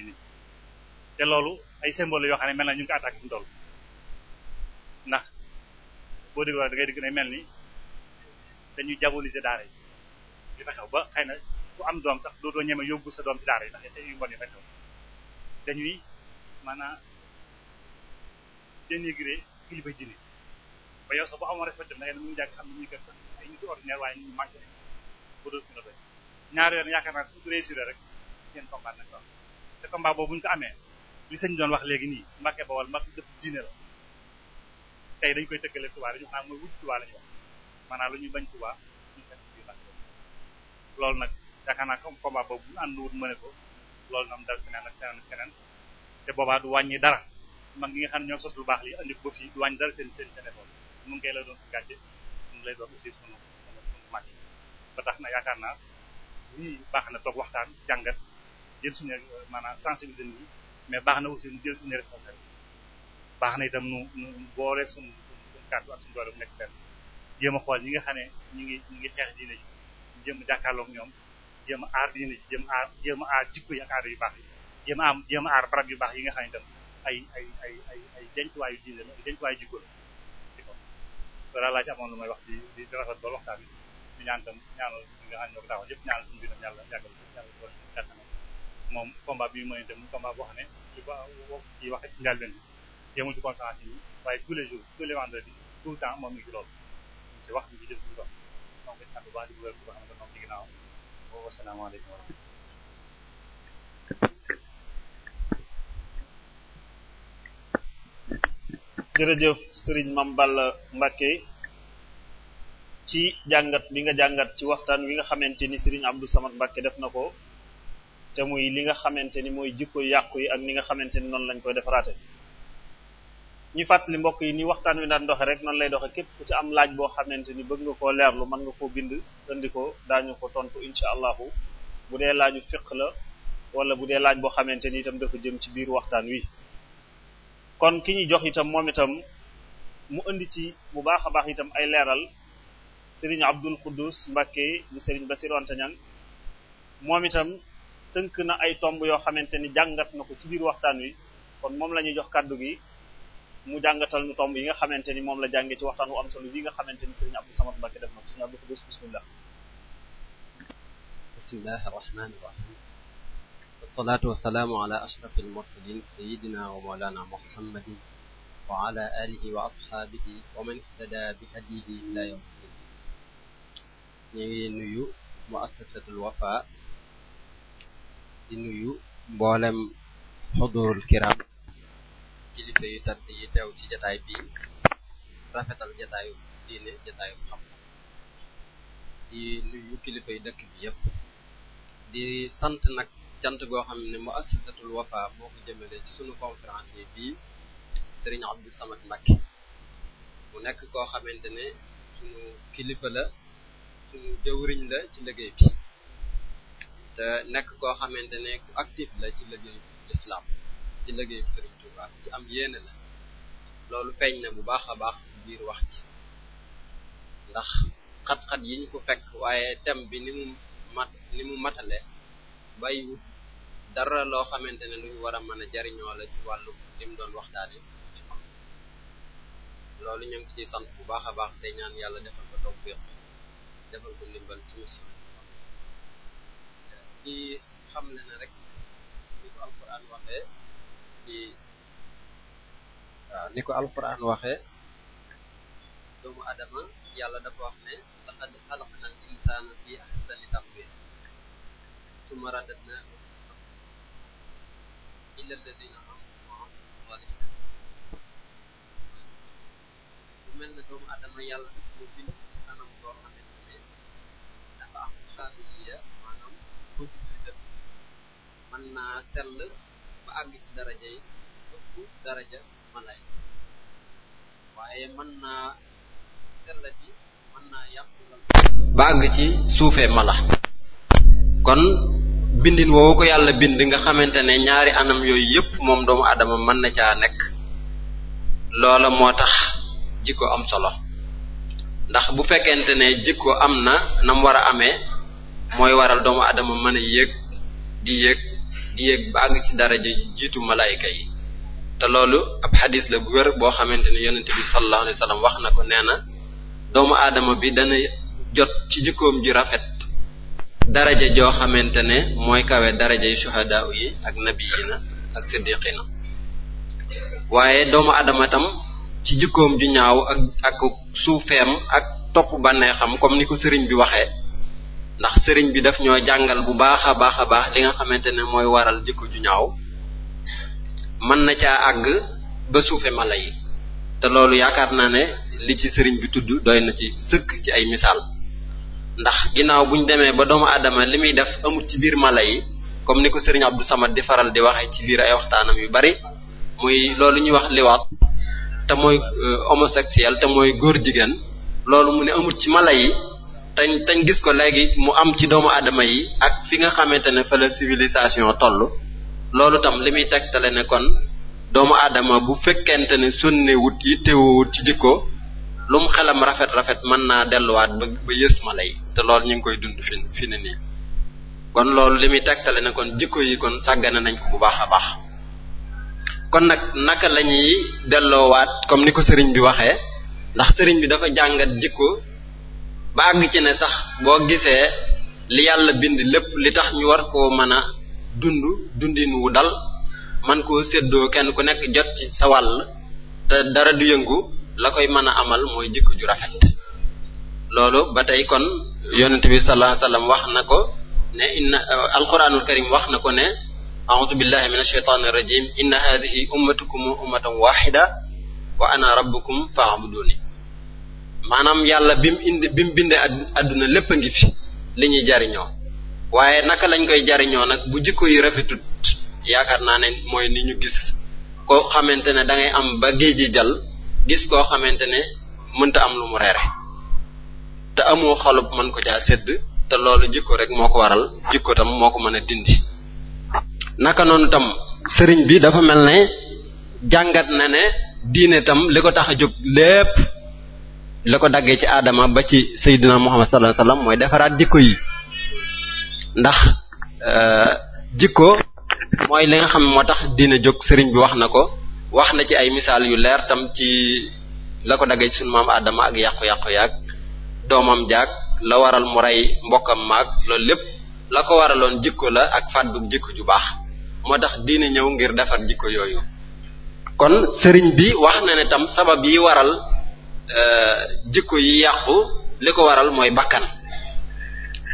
Speaker 4: te loolu ay symbole yoo xam ne mel na ñu ngi ko attaqué fi mu toll ndax boo déggoo da ngay dégg ne mel ni dañuy diaboliser daara yi xew ba xëy na ku am doom sax doo ñeme yóbbu sa doom ci daara yi ndax yu bon dañuy maanaam dénigrer kilifa diine ba yow sax bu amoon respecté da ngay ne mu ngi jàng xam ne ñu kat ay nit ordinaire waaye ñu manqué ne ñaari yoon yaakaar naa su réussir rek seen combat nag doon te combat boobu ñu ko amee li sëñ doon wax léegi nii Mbàkke Bawol mbàkk dëpp diine la tey dañ koy tëggale Tuubaa dañu xam mooy wut Tuubaa la ñuy bañ Tuubaa ñu nag yaakaar naa comme combat boobu bu ñu ànd wut mëne ko loolu nam dal feneen ak feneen ak te boobaa du wàññi dara mag gi nga xam ne ñoo sos lu baax li andi ko ba fii du wàññi dara seen seen seen effort mu ngi koy la doon si gàcce mu ngi lay doon aussi ba tax na yaakaar naa nii baax na toog waxtaan jàngat jël suñu maanaam sensibiliser nit ñi mais baax na aussi ñu jël suñu responsabilité baax na itam nu nu boole suñu suñu kàddu ak suñu doole bu nekk benn jéem a xool ñi nga xam ne ñu ngi ñu ngi xeex diine ji jéem ñoom jéem a aar jëm a aar a aar jikko yi yu baax yi jéem am jéem a aar barab yu baax yi nga xam ne itam ay ay ay ay ay dencuwaayu diine la ay dencuwaayu jikko la ci kaw loolu laa ci lu may wax di di rafet ba waxtaan bi di ñaan tam ñaanal ñi nga xam ne ñoo ko taxaw yëpp ñaanal suñu biiram yàlla yàggal yàlla boole suñu kàttan moom combat bi mooy dem combat boo xam ne ci ba ci wax ci njàlbeen bi yemul ci conférence yi waaye tous les jours tous les vendredis tout le temps moom ngi ci loolu ci wax mi ngi jëf ci dox donc dañ sant bu baax di wér bu baax xam ne moom ci ginnaaw boobu asalaamaaleykum wa rahmatulah
Speaker 2: jërëjëf Serigne Mame Balla Mbacké ci jàngat bi nga jàngat ci waxtaan wi nga xamante ni Serigne Abdou Samad Mbacké def na ko te muy li nga xamante ni mooy jikko yàqu yi ak ni nga xamante ni noonu lañ koy defaraate ñu fàttali mbokk yi ni waxtaan wi daan doxe rek noonu lay doxe képp ku ci am laaj boo xamante ni bëgg nga koo leerlu mën nga koo bind indi ko daañu ko tontu incha allahu bu dee laaju fiq la wala bu dee laaj boo xamante ni itam dafa jëm ci biir waxtaan wi kon ki ñu jox itam moom itam mu indi ci bu baax a baax itam ay leeral sëriñ Abdul Quddus Mbàkke bu sëriñ moom itam tënk na ay tomb yoo xamante ni jàngat na ko ci biir waxtaan wi kon moom la ñuy jox kàddu gi mu jàngatal nu tomb yi nga xamante ni moom la jànge ci waxtaan wu am solo bi nga xamante ni sëriñ Abdou Samad Mbàkke def na ko sëriñ Abdul bismillah
Speaker 5: bismillahi rahmaani rahim wasalaatu wasalaamu ashraf almursalin sayidina wa mawlana muhammadin wa ala alihi wa ashaabihi wa man ihtada bi hadihi ñu ngi nuyu mu assasatul wafa di nuyu mboolem xudurul kiram kilifa yu tàdd yi teew ci jataay bi rafetal jataayu diine jataayu xam di nuyu kilifa yi dëkk bi yépp di sant nag cant goo xam ne mu assasatul wafa moo ko jëmale ci sunu conférence yi bii Serigne Abdou Samad Mbacké mu nekk koo xamante ne sunu kilifa la suñu jëwriñ la ci liggéey bi te nekk koo xamante ne ku actif la ci liggéey islam ci liggéey Serigne Touba ci am yéene la loolu feeñ na bu baax a baax ci biir wax ci ndax xat-xat yi ñu ko fekk waaye thème bi ni mu mat ni mu matale bàyyiwut dara loo xamante ne lu war a mën a jariñoo la ci wàllu li mu doon waxtaane loolu ñu ngi ciy sant bu baax a baax te ñaan yàlla defal ko tawfiq defal ko ndimbal ci mission di xam ne na rek ni ko alquran waxee di waaw ni ko alquran waxee doomu adama yàlla dafa wax ne laqad xalaqnal insaana fi ahsani taqwiim summa radadnaahu ila alladina mel ne doomu adama yàlla mu bind ci anam boo xam ne am ba àgg ci daraja yi ëpp waaye mën naa sellati mën ci suufee kon bindin woowu ko yàlla bind nga xamante ne ñaari anam yooyu yépp moom doomu aadama mën na caa nekk loola moo tax jikko am solo ndax bu fekkente ne jikko am na na mu war a amee mooy waral doomu adama mën a yéeg di yéeg di yéeg ba àgg ci daraja jiitu malaayika yi te loolu ab xadis la bu wér boo xamante ne yonent bi sallallahu alayhi wasallam wax na ko nee na doomu aadama bi dana jot ci jikkoom ji rafet daraja joo xamante ne mooy kawe daraja yu shuhadaa yi ak na ak siddiqiina waaye doomu adama tam ci jikkoom ju ñaaw ak ak suufeem ak topp bànneexam comme ni ko sëriñ bi waxee ndax sëriñ bi daf ñoo jàngal bu baax a baax a baax li nga xamante ne mooy waral jikko ju ñaaw mën na caa àgg ba suufe mala yi te loolu yaakaar naa ne li ci sëriñ bi tudd doy na ci sëkk ci ay misaal ndax ginnaaw bu ñu demee ba doomu aadama li muy def amut ci biir mala yi comme ni ko sëriñ Abdou sama di faral di waxee ci biir ay waxtaanam yu bari muy loolu ñuy wax liwaat te mooy euh, homosexuel te mooy góor jigéen loolu mu ne amul ci mala yi tañ tañ gis ko léegi mu am ci doomu aadama yi ak fi nga xamante ne fa la civilisation toll loolu tam li muy tegtale ne kon doomu aadama bu fekkente ne sonnewut yittewowut ci jikko lu mu xelam rafet rafet mën naa delluwaat ba ba yées mala yi te loolu ñu ngi koy dund fi fi ne nii kon loolu li muy tegtale ne kon jikko yi kon sàggane nañ ko bu baax a baax kon nag naka lañuy delloo delloowaat comme ni ko sëriñ bi waxee ndax sëriñ bi dafa jàngat jikko ba àgg ci ne sax boo gisee li yàlla bind lépp li tax ñu war koo mën a dund dundin wu dal man koo séddoo kenn ku nekk jot ci sa wàll te dara du yëngu la koy mën a amal mooy jikko ju rafet loolu ba tey kon yonent bi sallallahu alayhi wax na ko ne inna alquranul karim wax na ko ne a'udhu billahi minash shaitanir rajim inna hadhihi ummatukum ummatan wahida wa ana rabbukum fa'buduni maanaam yàlla bi mu indi bi mu bindee àdduna lépp a ngi fi li ñuy jariñoo waaye naka lañ koy jariñoo nag bu jikko yi rafetut yaakaar naa ne mooy ni ñu gis koo xamante ne dangay am ba géej ji jal gis koo xamante ne mënta am lu mu reere te amoo xalub mën ko caa sedd te loolu jikko rek moo ko waral jikko tam moo ko mën a dindi naka noonu tam sëriñ bi dafa mel ne jàngat na ne diine tam li ko tax a jóg lépp la ko daggee ci aadama ba ci seydina muhammad sallallahu alayhi wasallam mooy defaraat jikko yi ndax euh, jikko mooy li nga xam moo tax diine jóg sëriñ bi wax na ko wax na ci ay misaal yu leer tam ci la ko daggee ci sunu maam aadama ak yàqu-yàqu yàgg doomam jaag la waral mu rey mbokkam maag loolu lépp la ko waraloon jikko la ak fàddu jikko ju baax moo tax diine ñëw ngir defar jikko yooyu kon sëriñ bi wax na ne tam sabab yi waral euh, jikko yi yàqu li ko waral mooy bakkan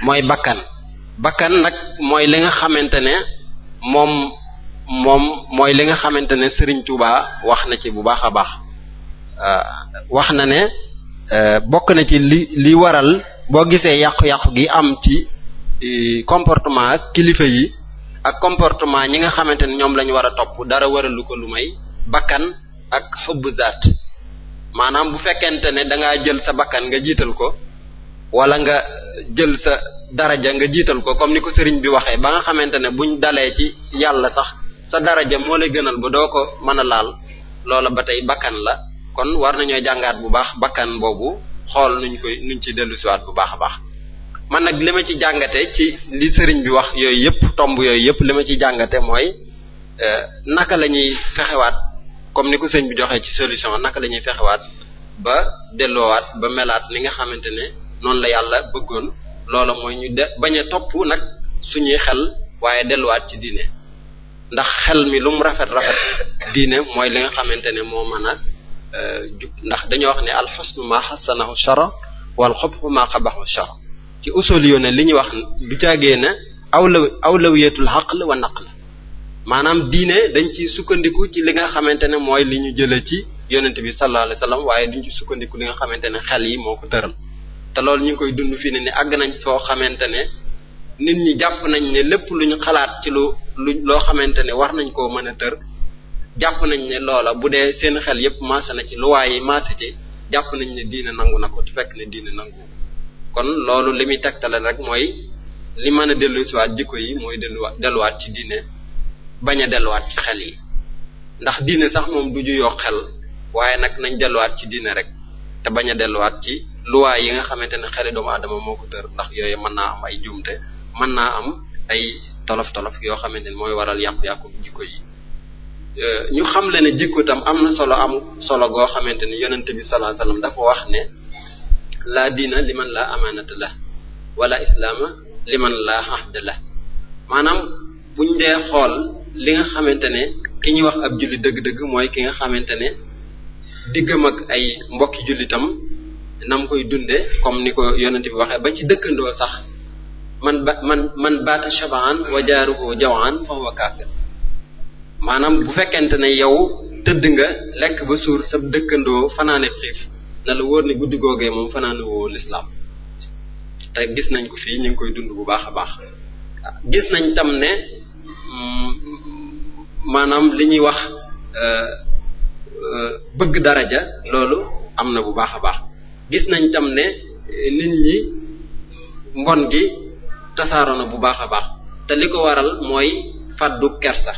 Speaker 5: mooy bakkan bakkan nag mooy li nga xamante ne moom moom mooy li nga xamante ne Serigne Touba wax na ci bu baax a baax euh, wax na ne euh, bokk na ci li li waral boo gisee yàqu-yàqu gi am ci comportement kilifa yi ak comportement ñi nga xamante ne ñoom la ñu war a topp dara waralu ko lu may bakkan ak xubbu zaat maanaam bu fekkente ne da ngaa jël sa bakkan nga jiital ko wala nga jël sa daraja nga jiital ko comme ni ko sëriñ bi waxee ba nga xamante ne buñ dalee ci yàlla sax sa daraja moo lay gënal ba doo ko mën a laal loola ba tey bakkan la kon war nañoo jàngaat bu baax bakkan boobu xool nuñ koy nuñ ci dellusiwaat bu baax a baax man nag li ma ci jàngate ci li sëriñ bi wax yooyu yëpp tomb yooyu yëpp li ma ci jàngate mooy euh, naka la ñuy fexewaat comme ni ko sëriñ bi joxee ci solution naka lañuy fexewaat ba delloowaat ba melaat li nga xamante ne noonu la yàlla bëggoon loola mooy ñu de bañ a topp nag suñuy xel waaye delluwaat ci diine ndax xel mi lu rafet rafet diine mooy li nga xamante ne moo mën a euh, jub ndax dañoo wax ne alxusnu ma xasanahu shara wal xubxu ma xabaxu shara ci usul yoon li ñuy wax du jàggee na awlaw la xaql wa naql maanaam diine dañ ci sukkandiku ci li nga xamante ne mooy li ñu jëlee ci yonent bi sallallahu waaye duñ ci sukkandiku li xamante ne xel yi moo ko tëral te loolu ñu ngi koy dund fii ne ni àgg nañ soo xamante ne nit ñi jàpp nañ ne lépp lu ñu xalaat ci lu lu loo xamante ne war nañ koo mën a tër jàpp nañ ne loola bu dee seen xel yépp maase na ci luwaay yi maase ci jàpp nañ ne diine nangu na ko te fekk ne diine nangu kon loolu li muy tegtale rek mooy li mën a dellusiwaat jikko yi mooy delluwaat delluwaat ci diine bañ a delluwaat xel yi ndax diine sax moom du juyoo xel waaye nag nañ delluwaat ci diine rek te bañ a delluwaat ci luwaay yi nga xamante ne xeli doomu aadama moo ko tër ndax yooyu mën naa am ay jumte mën naa am ay tolof tolof yoo xamante ne mooy waral yàqu-yàqu jikko yi euh, ñu xam le ne jikko tam am na solo am solo goo xamante ni yonente bi sallallahu alayhi wasallam dafa wax ne laa diina liman laa amaanata la wala islaama liman laa ahda la maanaam buñ dee xool li nga xamante ne ki ñuy wax ab julli dëgg-dëgg mooy ki nga xamante ne diggam ak ay mbokki jullitam nam koy dunde comme ni ko yonente bi waxee ba ci dëkkandoo sax man man man baata shabaan wa jaaruhu jawaan fa huwa kaafir maanaam bu fekkente ne yow tëdd nga lekk ba suur sa dëkkandoo fanaane xiif na la wóor ni guddi googee moom fanaan woo lislaam te gis nañ ko fii ñu ngi koy dund bu baax a baax gis nañ tam ne mm, maanaam li ñuy wax euh, euh, bëgg daraja loolu am na bu baax a baax gis nañ tam ne eh, nit ñi mbon gi tasaaroo na bu baax a baax te li ko waral mooy faddu kersa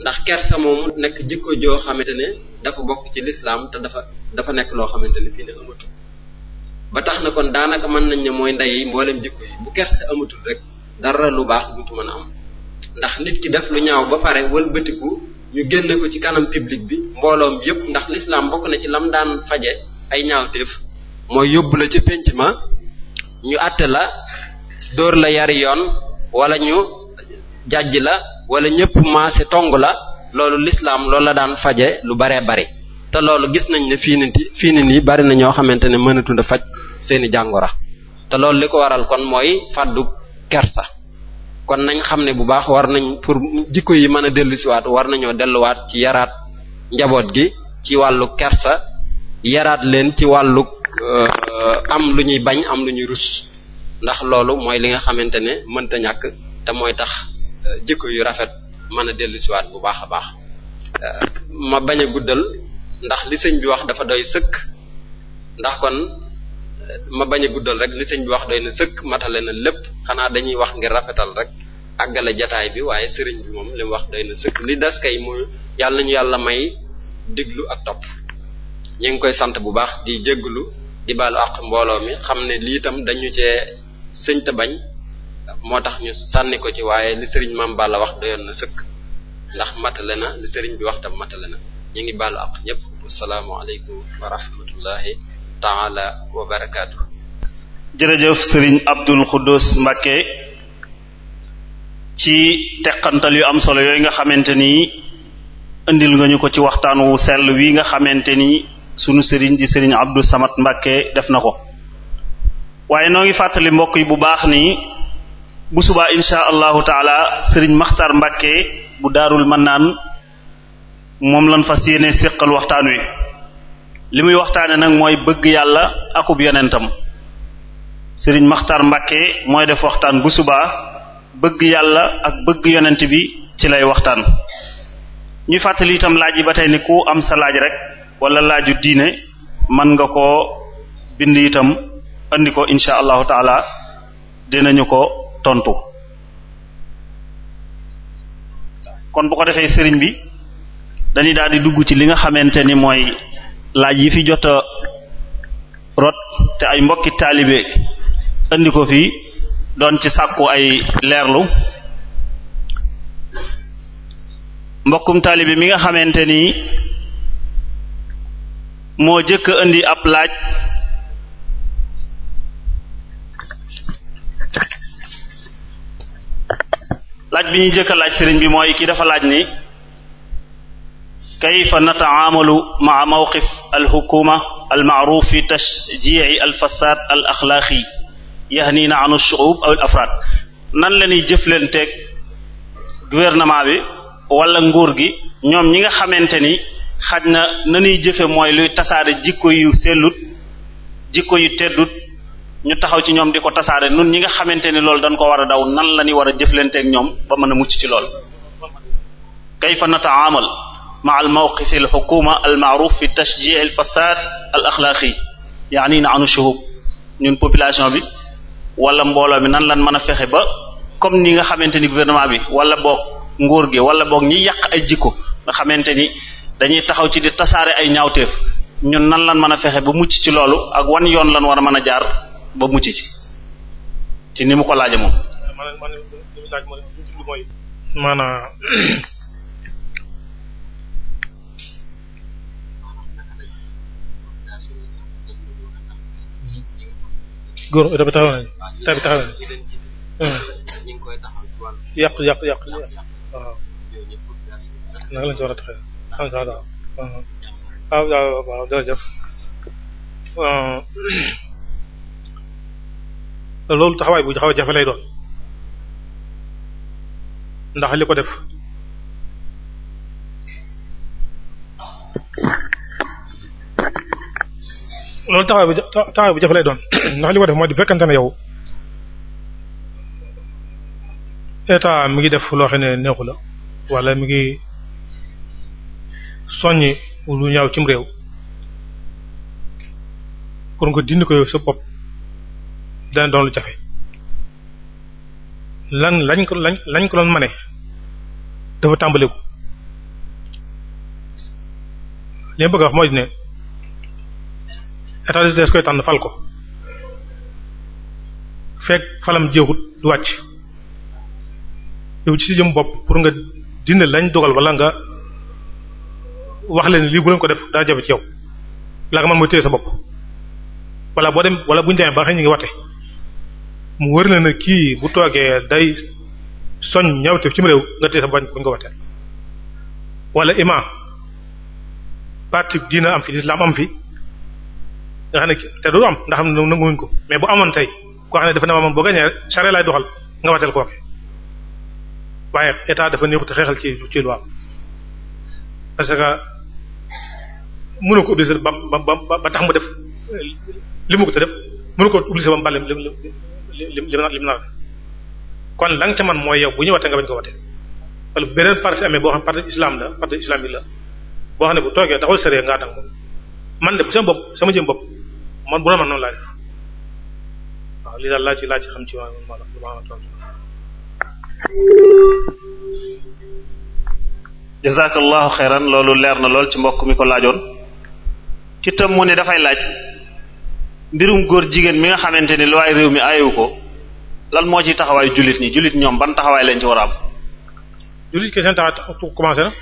Speaker 5: ndax kersa moomu nekk jikko joo xamante ne dafa bokk ci lislaam te dafa dafa nekk loo xamante ni fii ne amatul ba tax na kon daanaka mën nañ ne mooy ndey mboolem jikko yi bu kersa amatul rek dara lu baax dutu mën a am ndax nit ki def lu ñaaw ba pare wëlbatiku ñu génne ko ci kanam public bi mbooloom yépp ndax lislaam bokk na ci lam daan faje ay ñaawteef mooy yóbbu la ci pénc ma ñu àtte la dóor la yari yoon wala ñu jàjj la wala ñépp maase tong la loolu lislaam loolu la daan faje lu baree bari te loolu gis nañ ne fii nii fii nii bari na ñoo xamante ne mënatu na faj seeni jàngoro te loolu li ko waral kon mooy fàddu kersa kon nañ xam ne bu baax war nañ pour jikko yi mën a dellusiwaat war nañoo delluwaat ci yaraat njaboot gi ci wàllu kersa yaraat leen ci wàllu euh, am lu ñuy bañ am lu ñuy rus ndax loolu mooy li nga xamante ne mënta ñàkk te mooy tax euh, jikko yu rafet mën a dellu siwaat bu baax a baax euh, ma bañ a guddal ndax li sëñ bi wax dafa doy sëkk ndax kon euh, ma bañ a guddal rek li sëñ bi wax doy na sëkk matale na lépp xanaa dañuy wax ngir rafetal rek àggale jataay bi waaye sëriñ bi moom li wax doy na sëkk li des kay mu yàlla ñu yàlla may diglu ak topp ñu ngi koy sant bu baax di jégglu di baalu àq mbooloo mi xam ne lii itam dañu cee sëñta bañ moo tax ñu sànni ko ci waaye li sëriñ Mame Balla wax doyoon na sëkk ndax matale na li sëriñ bi wax tam matale na ñu ngi baalu ak ñëpp asalaamualeykum wa rahmatullahi taala wa barakaatu.
Speaker 2: jërëjëf sëriñ Abdul Khoudous Mbacké ci teqantal yu am solo yooyu nga xamante ni indil nga ñu ko ci waxtaan wu sell wi nga xamante ni sunu sëriñ di sëriñ Abdou Samad Mbacké def na ko waaye noo ngi fàttali mbokk yi bu baax ni. bu subaa insha allahu taala sëriñ maxtar mbàkke bu daarul mannaan moom lan fa yéene séqal waxtaan wi li muy waxtaane nag mooy bëgg yàlla akub yonentam sëriñ maxtar mbàkke mooy def waxtaan bu subaa bëgg yàlla ak bëgg yonent bi ci lay waxtaan ñuy fàttali itam laaj yi ba tey ni ku am sa laaj rek wala laaju diine man nga ko bind itam andi ko insha allahu taala dinañu ko tontu kon bu ko defee sëriñ bi dañuy daal di dugg ci li nga xamante ni mooy laaj yi fi jot a rot te ay mbokki taalibe indi ko fii doon ci sàkku ay leerlu mbokkum taalibe mi nga xamante ni moo jëkk indi ab laaj laaj bi ñuy jëkk laaj sëriñ bi mooy kii dafa laaj ni kayfa nataamalu maa mawqif alxukuma almaaruf fi tashjici alfasaad al axlaaqi yahniina anu shuub aw al afraad nan la ñuy gouvernement bi wala nguur gi ñoom ñi nga xamante ni xaj na nanuy jëfe mooy luy tasaare jikko yu sellut jikko yu teddut ñu taxaw ci ñoom di ko tasaare nun ñi nga xamante ni loolu dañ ko war a daw nan la ñu war a jëflanteeg ñoom ba mën a mucc ci lool kayfa nata'amal ma al mawqif al xukuma al maaruf fi tashjii al fasad al axlaaqi yaani na anu shuhub ñun population bi wala mbooloo mi nan lan mën a fexe ba comme ni nga xamante ni gouvernement bi wala boog nguur gi wala boog ñi yàq ay jikko nga xamante ni dañuy taxaw ci di tasaare ay ñaawteef ñun nan lan mën a fexe ba mucc ci loolu ak wan yoon lan war a mën a jaar ba mucc ci ci ni mu ko moom.
Speaker 3: maanaam man li laaj mooy li mu mooy. maanaam. góor dafa taxaw nañu ah, tabi taxaw nañu. yàq yàq yàq waaw.
Speaker 6: naka lañ ci war a taxee xam nga
Speaker 3: waaw waaw waaw jërëjëf. Ah. loolu taxawaay bu xaw a doon ndax li ko def loolu taxawaay bu bu jafe doon ndax li ko def mooy di fekkante ne yow état mi ngi def loo xam ne neexu la wala mi ngi soññi lu ñaaw cim réew pour nga dindi ko yow sa bopp dana doon lu jafe lan lañ ko lañ lañ ko doon mane dafa tàmbaliku li bëgg a wax mooy ne état des koy tànn fal ko fekk falam jeexut du wàcc yow ci si jëm bopp pour nga dindi lañ dogal wala nga wax leen lii bu leen ko def daa jafe ci yow la nga mën mooy téye sa bopp wala boo dem wala bu ñu demee ba xëy ñu ngi wate mu wër na ne kii bu toogee day soñ ñawteef ci mu réew nga tey sa bañ buñ ko wateel wala imam parti diina am fi lislaam am fi nga xam ne te du am ndax xam ne nanguwuñ ko mais bu amoon tey koo xam ne dafa ne maanaam boo gañee doxal nga wateel kooke waaye état dafa neexut xeexal ci ci loi parce que mënu ko obliger ba def li mu ko te def mënu ko obliger lim lim nar kon la nga ca man mooy yow bu ñu watee nga bañ ko watee wala beneen parti amee boo xam parti islam la parti islam yi la boo xam ne bu toogee taxul sëree ngaa dang man de bu sama bopp sama jëm bopp man bu la man noonu laa def waaw lii daal laa ci laa ci xam ci waaw
Speaker 2: ma xeyran loolu leer na lool ci mbokk mi ko laajoon ci tam mu ne dafay laaj mbirum góor jigéen mi nga xamante ni luwaay réew mi ayewu ko lan moo ciy taxawaayu jullit ñi jullit ñoom ban taxawaay lañ ci war a am.
Speaker 3: jullit ki seen taxaw commencé na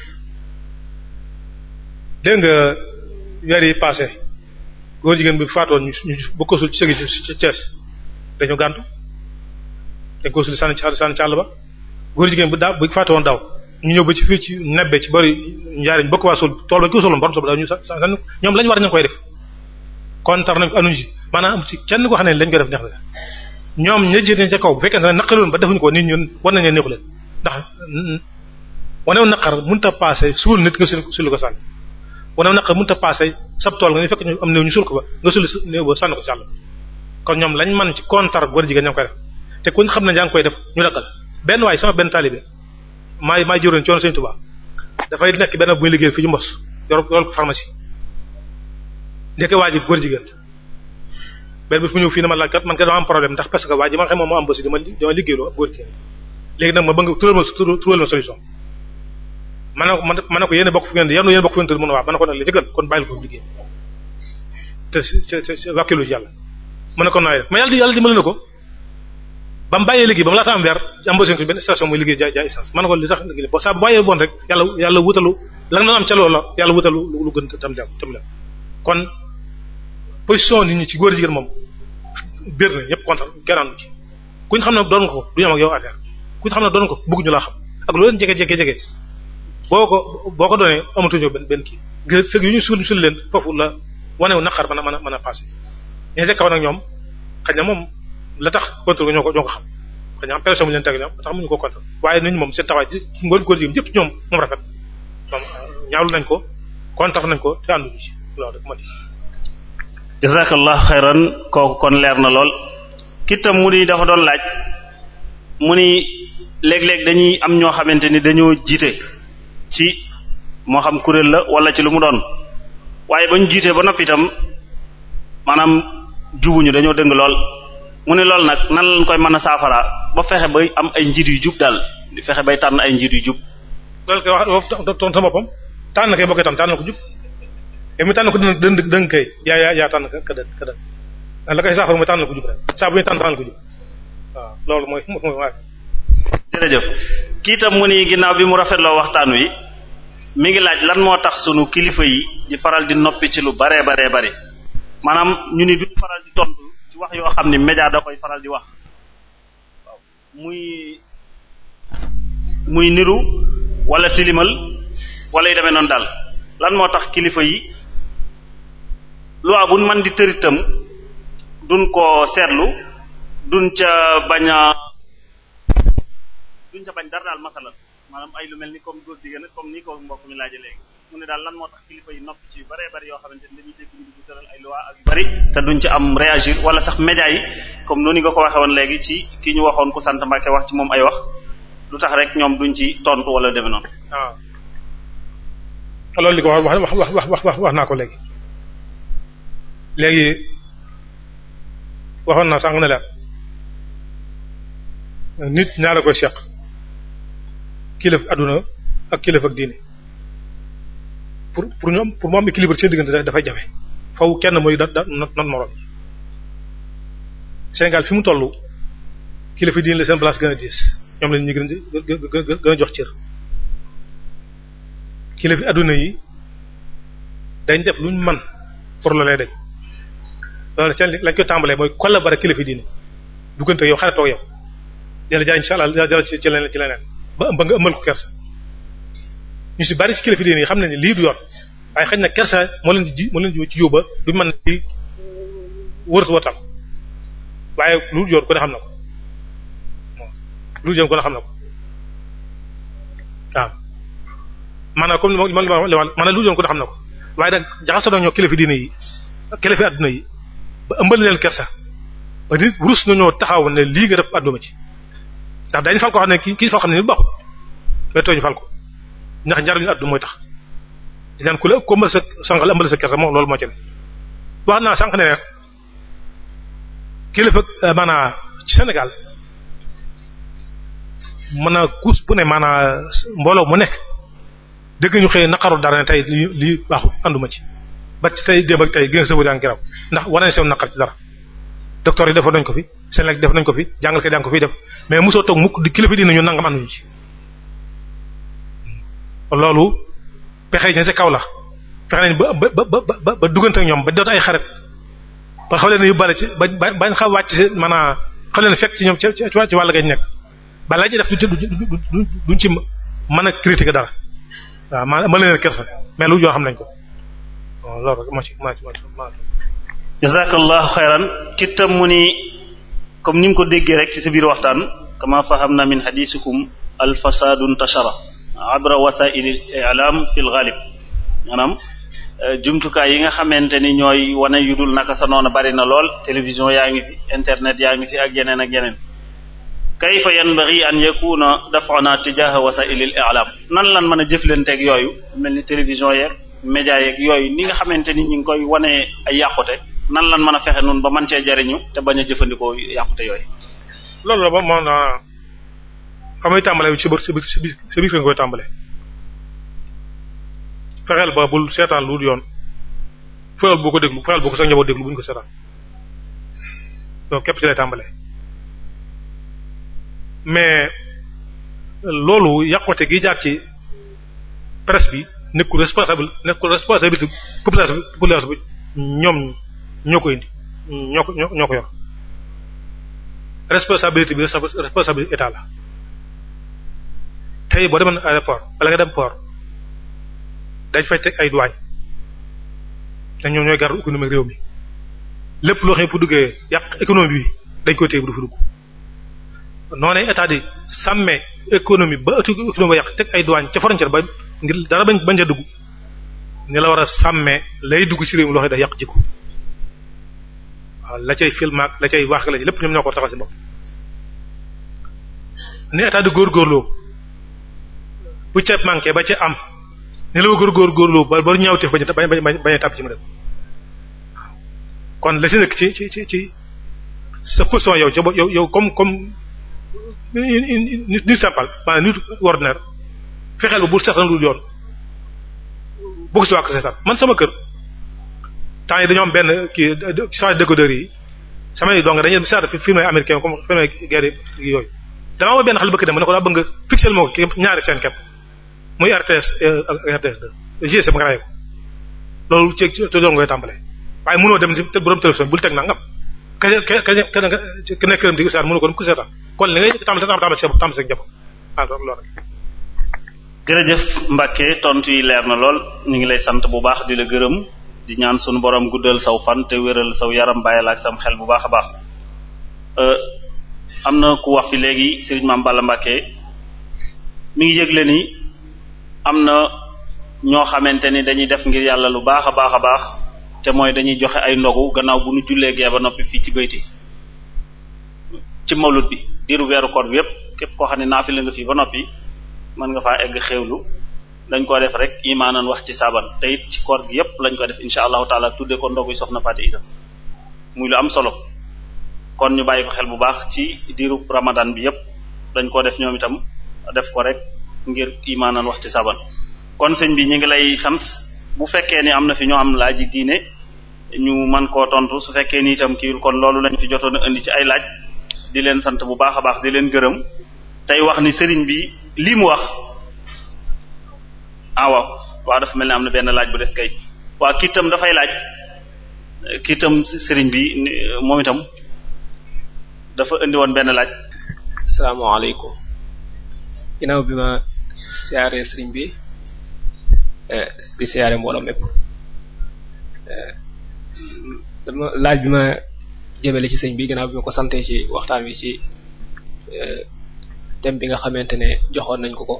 Speaker 3: dégg nga weer yi passé góor bi faatoon ñu ñu ba ko sul ci sëgi ci Thiès dañu gàntu dañ ko sul sànni ci sànni ci àll ba góor jigéen bu daa bu faatoon daw ñu ñëw ba ci fii ci nebbe ci bari njaariñ bokk waa sul tool ba ñu ko suloon borom sob daw ñu sànni ñoom lañu war nañ koy def kontar nañ ko anuñ ci maanaam ci kenn ko xam ne lañ ko def neex ñoom ña jiite ca kaw bu fekkee ne naqaroon ba defuñ ko nit ñun war nañ leen neexu leen ndax wanew naqar mënut a passé suul nit nga sul ko sànni wanew naqar mënut a passé sab tool nga fekk ñu am néew ñu suul ko ba nga sul néew ba sànni kon ñoom lañ man ci kontar góor jigéen ñoo koy def te kuñ xam ne yaa ngi koy def ñu dakkal benn waaye sama benn taalibe maay maay jëroon coono Sëriñ Tuubaa dafay nekk benn buy liggéey fi ñu mbos yor yor ko pharmacie ndeke waa ji góor jigéen benn bis mu ñëw fii na ma laaj kat man ka dama am problème ak góor jigéen léegi nag ma bëgg tural ma ma solution ma ne ko ma ko yéen bokk fu ngeen yéen yéen bokk fu ngeen di mën a waa ma ne ko nag li jëgal kon yàlla mu ne ko nooy def mais yàlla ba mu bàyyee liggéey ba mu laata am weer embauché ko benn station muy liggéey jaay jaay essence man ko li tax liggéey boo saa bàyyee bon rek yàlla yàlla wutalu la nga doon am ca loola yàlla wutalu lu gën tam dem tam position nit ñi ci góor jigéen moom biir na ñëpp kontaan gannaaw ci kuñ xam ne doon nga ko du ñu am yow affaire ku xam ne doon nga ko bëgg ñu laa xam ak lu leen jege jege jege boo ko boo ko doonee amatuñu benn benn kii gë yu ñu suul suul leen foofu la wane wu naqar mën a mën a mën a passé ñi ca kaw nag ñoom xëy moom la tax contrôle ñoo ko ñoo ko xam xëy na am pression mu ñoom ko contrôle waaye ñun moom seen taxawaay ci ngóor góor jigéen yëpp ñoom moom rafet moom ñaawlu nañ ko kontaan nañ ko te ànduñu ci
Speaker 2: jazakallahu xayran kooku kon leer na lool kitam mu ni dafa doon laaj mu ni léeg-léeg dañuy am ñoo xamante ni dañoo jiite ci moo xam kuréel la wala ci lu mu doon waaye ba ñu jiitee ba noppi itam maanaam ñu dañoo dëng lool mu ne lool nag nan lañ koy mën a saafara ba fexe bay am ay njiit yu jub daal di fexe bay tànn ay njiit yu jub.
Speaker 3: loolu koy wax tontu sa boppam tànn kay bokkee tam tànn ko jub. yow mi tànn ko dë dë dëng kay yaa yaa yaa tànn ka dë ka dë ah, la koy saafara mooy tànn ko jub rek saa bu ñu tànn tànn ko jub waaw loolu mooy mooy waa. jërëjëf kii itam mu ni ginnaaw bi mu rafetloo
Speaker 2: waxtaan wi mi ngi laaj lan moo tax sunu kilifa yi di faral di noppi ci lu baree baree bari maanaam ñu ni du faral di tontu ci wax yoo xam ni média da koy faral di wax waaw muy muy niru wala tilimal wala yu demee noonu daal lan moo tax kilifa yi. loi buñ man di tëritam duñ ko seetlu duñ ca bañ a duñ ca bañ dara daal masalan maanaam ay lu mel ni comme góor jigéen comme ni ko mbokk mi laaje léegi mu ne daal lan moo tax kilifa yi noppi ci yu bëree bëri yoo xamante ni dañuy dégg ñu tëral ay ak yu te duñ ci am réagir wala sax média yi comme noonu nga ko waxee woon léegi ci ki ñu waxoon ku sant Mbàkke wax ci moom ay wax lu tax rek ñoom duñ ci tontu wala demee noonu.
Speaker 3: waaw ah. loolu li ko wax wax wax wax wax naa ko léegi. léegi waxoon na sànq ne la nit ñaa la koy seq kilif adduna ak kilif ak diine pour pour ñoom pour mu am seen diggante dafay jafe faw kenn mooy da da not moroom Sénégal fi mu toll kilifa diine la seen place gën a diis ñoom lañ ñu gën gën a jox cër kilifa adduna yi dañ def luñ man pour loolee dañ loolu ca lañ ko tàmbalee mooy collabara kilifa diine duggante yow xaritoo yow dina jariñ insha Allah jariñ ci leneen ci leneen ba ba nga ëmmal ko kersa ñu si bari ci kilifa diine yi xam nañ ne lii du yoon waaye xëy na kersa moo leen di moo leen ci yóbba du man di wërtu wërtam xam na ko lu yoon ko ne xam na ko waaw maanaam comme li ma xam na ko waaye nag jaxasoo nañoo kilifa diine yi kilifa adduna yi. ba ëmbal leen kersa ba nit rus nañoo taxaw ne lii nga def àdduma ci ndax dañu fal xam ne kii kii foo xam ne ni baaxul mais tooñu fal ko ndax njariñu àdduma moo tax di naan ku la ko ëmbal sa sànqal kersa moom loolu moo ci ne wax naa sànq ne ne kilifa euh, maanaa ci Sénégal mën a kuus bu ne maanaa mbooloo mu nekk dëgg ñu xëy naqarul dara ne tey lii lii baaxul ànduma ci ba ci tey démb ak tey gis nga sëbëri yaa ngi ndax war nañ seen naqar ci dara docteur yi defoon nañ ko fi seen lekk def nañ ko fi jàngal ko yaa ngi ko fiy mais mosoo toog mukk di kilifa dinañu nangam ànduñu loolu pexe yi sa kaw la fexe nañ ba ba ba ba ba duggante ñoom ba doon ay xarit ba xam leen yu yóbbaale ci ba ba bañ xaw wàcc si maanaam xam leen fekk ci ñoom ca ca ci wàll gañ nekk balaa ñuy def duñ ci duñ ci man a critiquer dara waaw maanaam mën na leen kersa mais lu yoo xam nañ ko bon loolu rek moo ci
Speaker 2: jazakallahu xayran ki mu ni comme ni nga ko déggee rek ci sa biir waxtaan kama fahamna min hadisikum al fasadu ntashara abra wasail al i'lam fi al ghalib maanaam eh, jumtukaay yi nga xamante ni ñooy wane yu dul naka sa noonu bari na lool télévision yaa ngi fi internet yaa ngi fi ak yeneen ak yeneen kayfa yanbaghi an yakuna daf'una tijaha wasail al i'lam nan lan mën a jëflanteeg yooyu mel ni télévision yeeg média yeeg yooyu ni nga xamante ni ñu ngi koy wane ay yàqute nan lan mën a fexe noonu ba man cee jariñu te bañ a jëfandikoo yàqute yooyu.
Speaker 3: loolu la ba man ah, xam nga tàmbalee si biir ci biir ci biir nga koy tàmbalee fexeel ba bul seetaan lu yoon fexeel boo ko déglu fexeel boo ko sax njaboot déglu bu ñu ko seetaan donc képp ci lay tàmbalee mais loolu yàqute gi jaar ci presse bi. nekkul responsable nekkul responsabilité population bi population bi ñoom ñoo ko indi ñoo ko ñoo ko yor responsabilité bi responsabilité état la tey boo demoon aéroport wala nga dem port dañ fay teg ay douane te ñoom ñooy garde économique réew mi lépp loo xam pour duggee yàq économie bi dañ koy téye bu du fi dugg noonee état di sàmmee économie ba économie ba yàq teg ay douane ca frontière ba ngir dara bañ bañ a dugg ni la war a sàmmee lay dugg ci réew mi loo xam ne day yàq jikko waaw la cay film ak la cay wax la lépp ñoom ñoo ko taxal ci bopp ni état di góorgóorloo bu ca manqué ba ca am ni la góor góor góorgóorloo ba ba ñaaw teef bañ a bañ a tàbb ci mu dem kon la ci nekk ci ci ci ci sa position yow yow yow comme comme nit nit simple maanaam nit ordinaire fexeel ba bul seetaan lu dul yoon boo waa ko man sama kër temps yi dañoo am benn kii sama décodeur yi sama yi dañ dañuy seetaan film américain comme film guerre yooyu damaa woo benn xale bëkk dem ma ne ko daa bëgg nga pixel moo ko ñaari fen kepp muy RTS ak RTS 2 GSM nga raye tàmbale waaye mënoo dem ci borom télévision bul teg nangam ka ka ka ka nekk këram ko seetaan mënoo ko dem ku seetaan kon li ngay tàmbale tàmbale tàmbale sa bopp tàmbale sa njaboot jërëjëf
Speaker 2: Mbacke tontu yi leer na lool ñu ngi lay sant bu baax di la gërëm di ñaan sunu borom guddal saw fan te wéral saw yaram bàyyi la ak sam xel bu baax a baax. Euh, am na ku wax fi léegi Serigne Mame Balla mi ngi yëgle ni am na ñoo xamante ni dañuy def ngir yàlla lu baax a baax a baax te mooy dañuy joxe ay ndogu gannaaw bu nu jullee gee ba noppi fii ci bayti ci mawlud bi diiru weeru koor bi yépp képp koo xam ne naa naafila nga fi ba noppi. mën nga faa egg xéewlu dañ koo def rek imaanan wax ci saban te it ci koor gi yépp lañ ko def insha allahu taala tudde ko ndoguy soxna Faati Isa muy lu am solo kon ñu bàyyi ko xel bu baax ci diiru ramadan bi yépp dañ koo def ñoom itam def ko rek ngir imaanan wax ci saban kon sëñ bi ñu ngi lay sant bu fekkee ni am na fi ñoo am laaj yi diine ñu man koo tontu su fekkee ni itam kii kon loolu lañ fi jotoon a indi ci ay laaj di leen sant bu baax a baax di leen gërëm lii mu wax ah waaw waaw dafa mel ne am na benn laaj bu des kay waa kii itam dafay laaj kii itam sëriñ bi moom itam dafa indi woon benn
Speaker 6: laaj. asalaamaaleykum. ginnaaw bi ma siyaaree sëriñ bi eh, di siyaaree mbooloo mépp eh, laaj bi ma jëmale ci sëriñ bi ginnaaw bi ma ko sante ci waxtaan wi ci. Eh, thème bi nga xamante ne joxoon nañ ko ko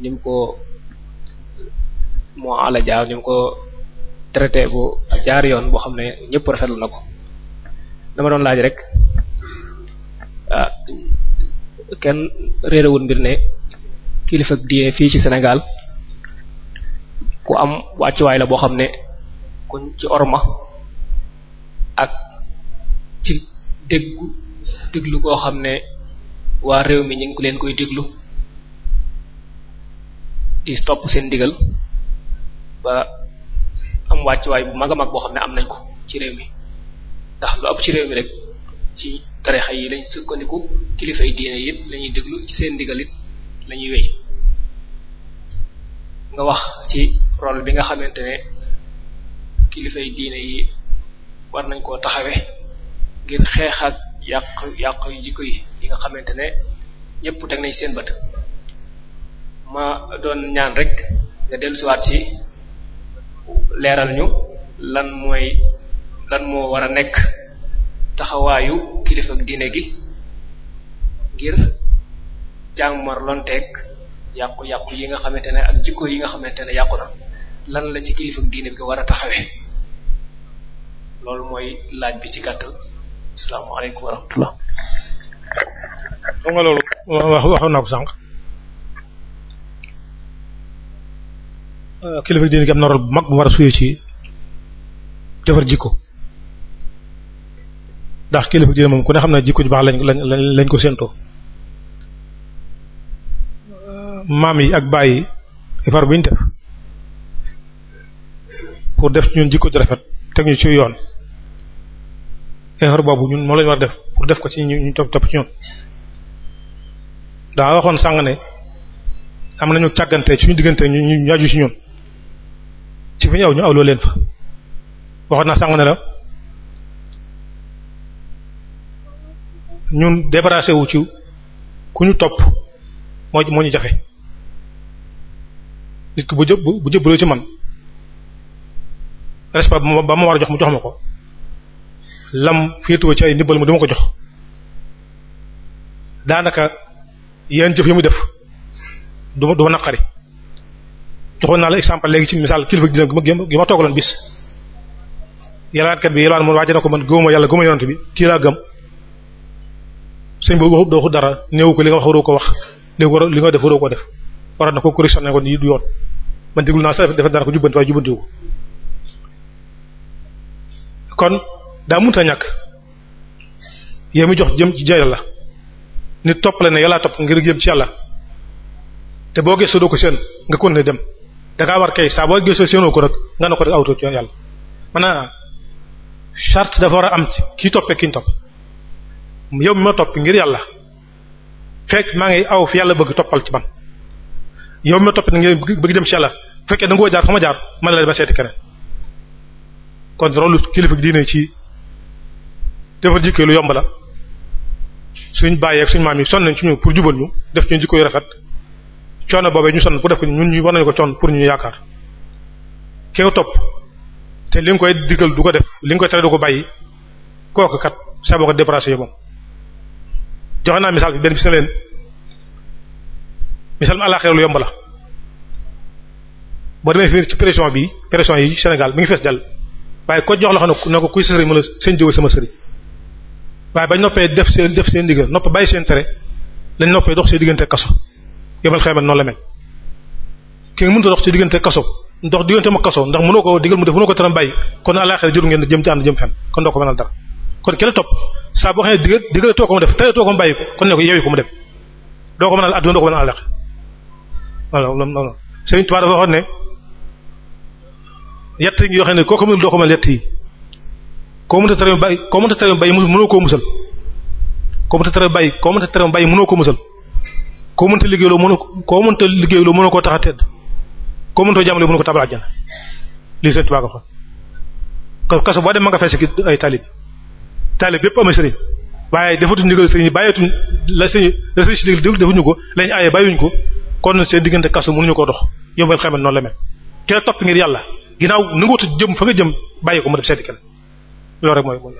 Speaker 6: ni ko moo ala jaar ni ko traité bu jaar yoon boo xam ne ñëpp rafetlu na ko dama doon laaj rek ah, kenn réerewul mbir ne kilifa diine fii ci senegal ku am wàccuwaay la boo xam ne kuñ ci orma ak ci déggu déglu koo xam ne waa réew mi ñu ngi ko leen koy déglu di topp seen diggal ba am wàccuwaay bu mag a mag boo xam ne am nañ ko ci réew mi ndax lu ëpp ci réew mi rek ci tarixa yi lañ sukkandiku kilifa yi diine it la ñuy déglu ci seen ndigal it la wéy nga wax ci rôle bi nga xamante ne kilifay yi diine yi war nañ koo taxawe ngir xeex ak yàq yàq yu jikko yi yi nga xamante ne ñëpp teg nañ seen bët ma doon ñaan rek nga dellusiwaat yi leeral ñu lan mooy lan moo war a nekk taxawaayu kilifa ak diine gi ngir jàmmar lonteeg yàqu-yàqu yi nga xamante ne ak jikko yi nga xamante ne yàqu na lan la ci kilifa ak diine bi war a taxawee loolu mooy laaj bi ci gàttal asalaamaaleykum wa rahmatullah xam nga loolu
Speaker 3: wax waxoon naa ko sànq euh, kilifa diine gi am na rôle bu mag bu war a suyee ci defar jikko ndax kilifa diine moom ku ne xam ne jikko ju baax lañ lañ lañ ko séentoo euh, maam yi ak bàyyi effort bi ñu def pour def ñun jikko ju rafet teg ñu ci yoon effort boobu ñun moo lañu war a def pour def ko ci ñu ñu topp ci ñun daa waxoon sàng ne am nañu càggante suñu diggante ñu ñu ñu aju ci ñun ci fi ñu aw ñu awloo leen fa waxoon naa sàng ne la ñun débarrassé wu ci ku ñu topp moo moo ñu jafe nit ki bu jë bu jëbbaloo ci man respect ba ma war a jox mu jox ma ko lam féetoo ci ay ndimbal mu dama ko jox daanaka yenn jëf yi mu def du ma du ma naqari joxoon naa la exemple léegi ci misaal kilifa dina gi ma toogaloon bis yalwaankat bi yalwaan moom waaj na ko man gëmuma yàlla gëmuma yonent bi kii laa gëm sëñ boobu waxut waxut dara néew ko li nga wax waroo ko wax néew ko li nga def waroo ko def waroon na ko correction ne ko nii du yoon man déglu naa sax def dara jubbanti waaye jubbantiwu ko daa munta ñàkk yow mu jox jëm ci la nit topp la ne yàlla topp ngir jëm ci yàlla te boo gëstoo doo ko seen nga kon ne dem da war kay saa boo gëstoo seenoo ko rek nga ne ko de awtoo yàlla maanaam charte dafa war a am ci topp yow ma topp ngir yàlla fekk maa ngi aw fi yàlla bëgg toppal ci man yow mi ma topp ngir bëgg dem ci yàlla fekkee da nga koo jaar fa ma jaar ma la ba seeti keneen kon rolu kilifa diine ci defar jikko lu yomb la suñ bàyyeeg suñ maam yi sonn nañ ci ñu pour jubal ñu def ñu jikko yu rafet coono boobee ñu sonn pour def ko ñun ñu war nañu ko coon pour ñu yaakaar keew topp te li nga koy digal du ko def li nga koy tere du ko bàyyi kooku kat saa ko débarrassé moom joxe naa misaal bi benn bis na leen misaal mi àllaaxira lu yomb la boo demee fii ci pression bi pression yi Sénégal mi ngi fees dal waaye ko jox la xam ne ko kuy sa sëriñ ma la seen sama sëriñ waaye bañ noppee def seen def seen ndigal nopp bàyyi seen tere lañ noppee dox seen diggante kaso yëmal xayma noonu la mel ki nga mënut a dox ci diggante kaso ndox diggante ma kaso ndax mënoo ko digal mu def mënoo ko taram bàyyi kon àlaxira jur ngeen jëm ci ànd jëm fenn kon doo ko mënal dara kon ki la topp saa boo xam ne digal digal too ko mu def tere too ko mu bàyyi ko kon ne ko yewi ko mu dem doo ko mënal àdduna doo ko mënal àlaxira voilà loolu noonu Sëriñ Tuubaa dafa waxoon ne yett yi yoo xam ne kooku mënul doo ko mën yett yi koo mënta tere bàyyi koo mënta tere bàyyi mënoo koo musal koo mënta tere bàyyi koo mënta tere bàyyi mënoo koo musal koo mënta liggéeyloo mënoo koo mënta liggéeyloo mënoo koo tax a tedd koo mënta jàmmale mënoo ko tabal àjjana lii sëñ Tuubaa ko fa kon kaso boo dem ma nga fees gi ay taalib taalib yépp amee sëriñ waaye defatuñ ndigal sëriñ yi bàyyeetuñ la sëriñ la sëriñ si digal defuñu ko lañ aaye bàyyiwuñ ko kon seen diggante kaso mënuñu koo dox yow nga xamee noonu la mel ki la topp ngir yàlla ginnaaw nanguwutu jëm fa nga jëm bàyyi ko mu def seeti kenn loolu rek mooy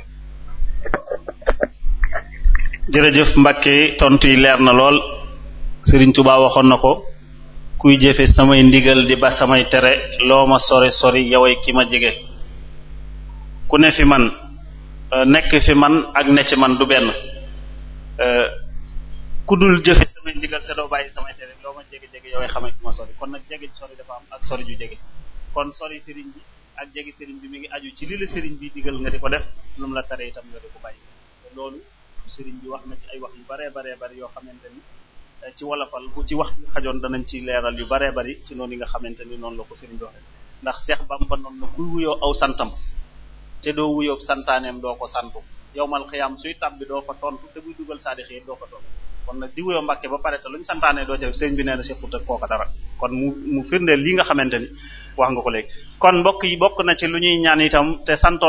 Speaker 2: jërëjëf Mbacke tontu yi leer na lool sëriñ Touba waxoon na ko kuy jëfe samay ndigal di ba samay tere loo ma sori sori yoway ki ma jege ku ne fi man euh, nekk fi man ak ne ci man du benn euh, ku dul jëfe samay ndigal te doo bàyyi samay tere loo ma jege jege yoway xamee ki ma sori kon sori dafa am ju jege ak jege sëriñ bi mu ngi aju ci li la sëriñ bi digal nga di ko def lu mu la tere itam nga di ko bàyyi te loolu sëriñ bi wax na ci ay wax yu baree baree bari yoo xamante ni eh, ci wolofal bu ci wax xajoon danañ ci leeral yu baree bari ci noonu yi nga xamante ni noonu la ko sëriñ bi waxee ndax Seex Bamba noonu na kuy wuyoo aw santam te doo wuyo santaaneem doo ko santu yowmal xiyaam suy tàbbi doo fa tontu te buy dugal saadi xëy doo fa tontu kon nag di wuyoo Mbàkke ba pare te luñ santaane doo ca bi nee na sequt ak kooka dara kon mu ni wax nga ko léegi kon mbokk yi bokk na ci lu ñuy ñaan itam te santoo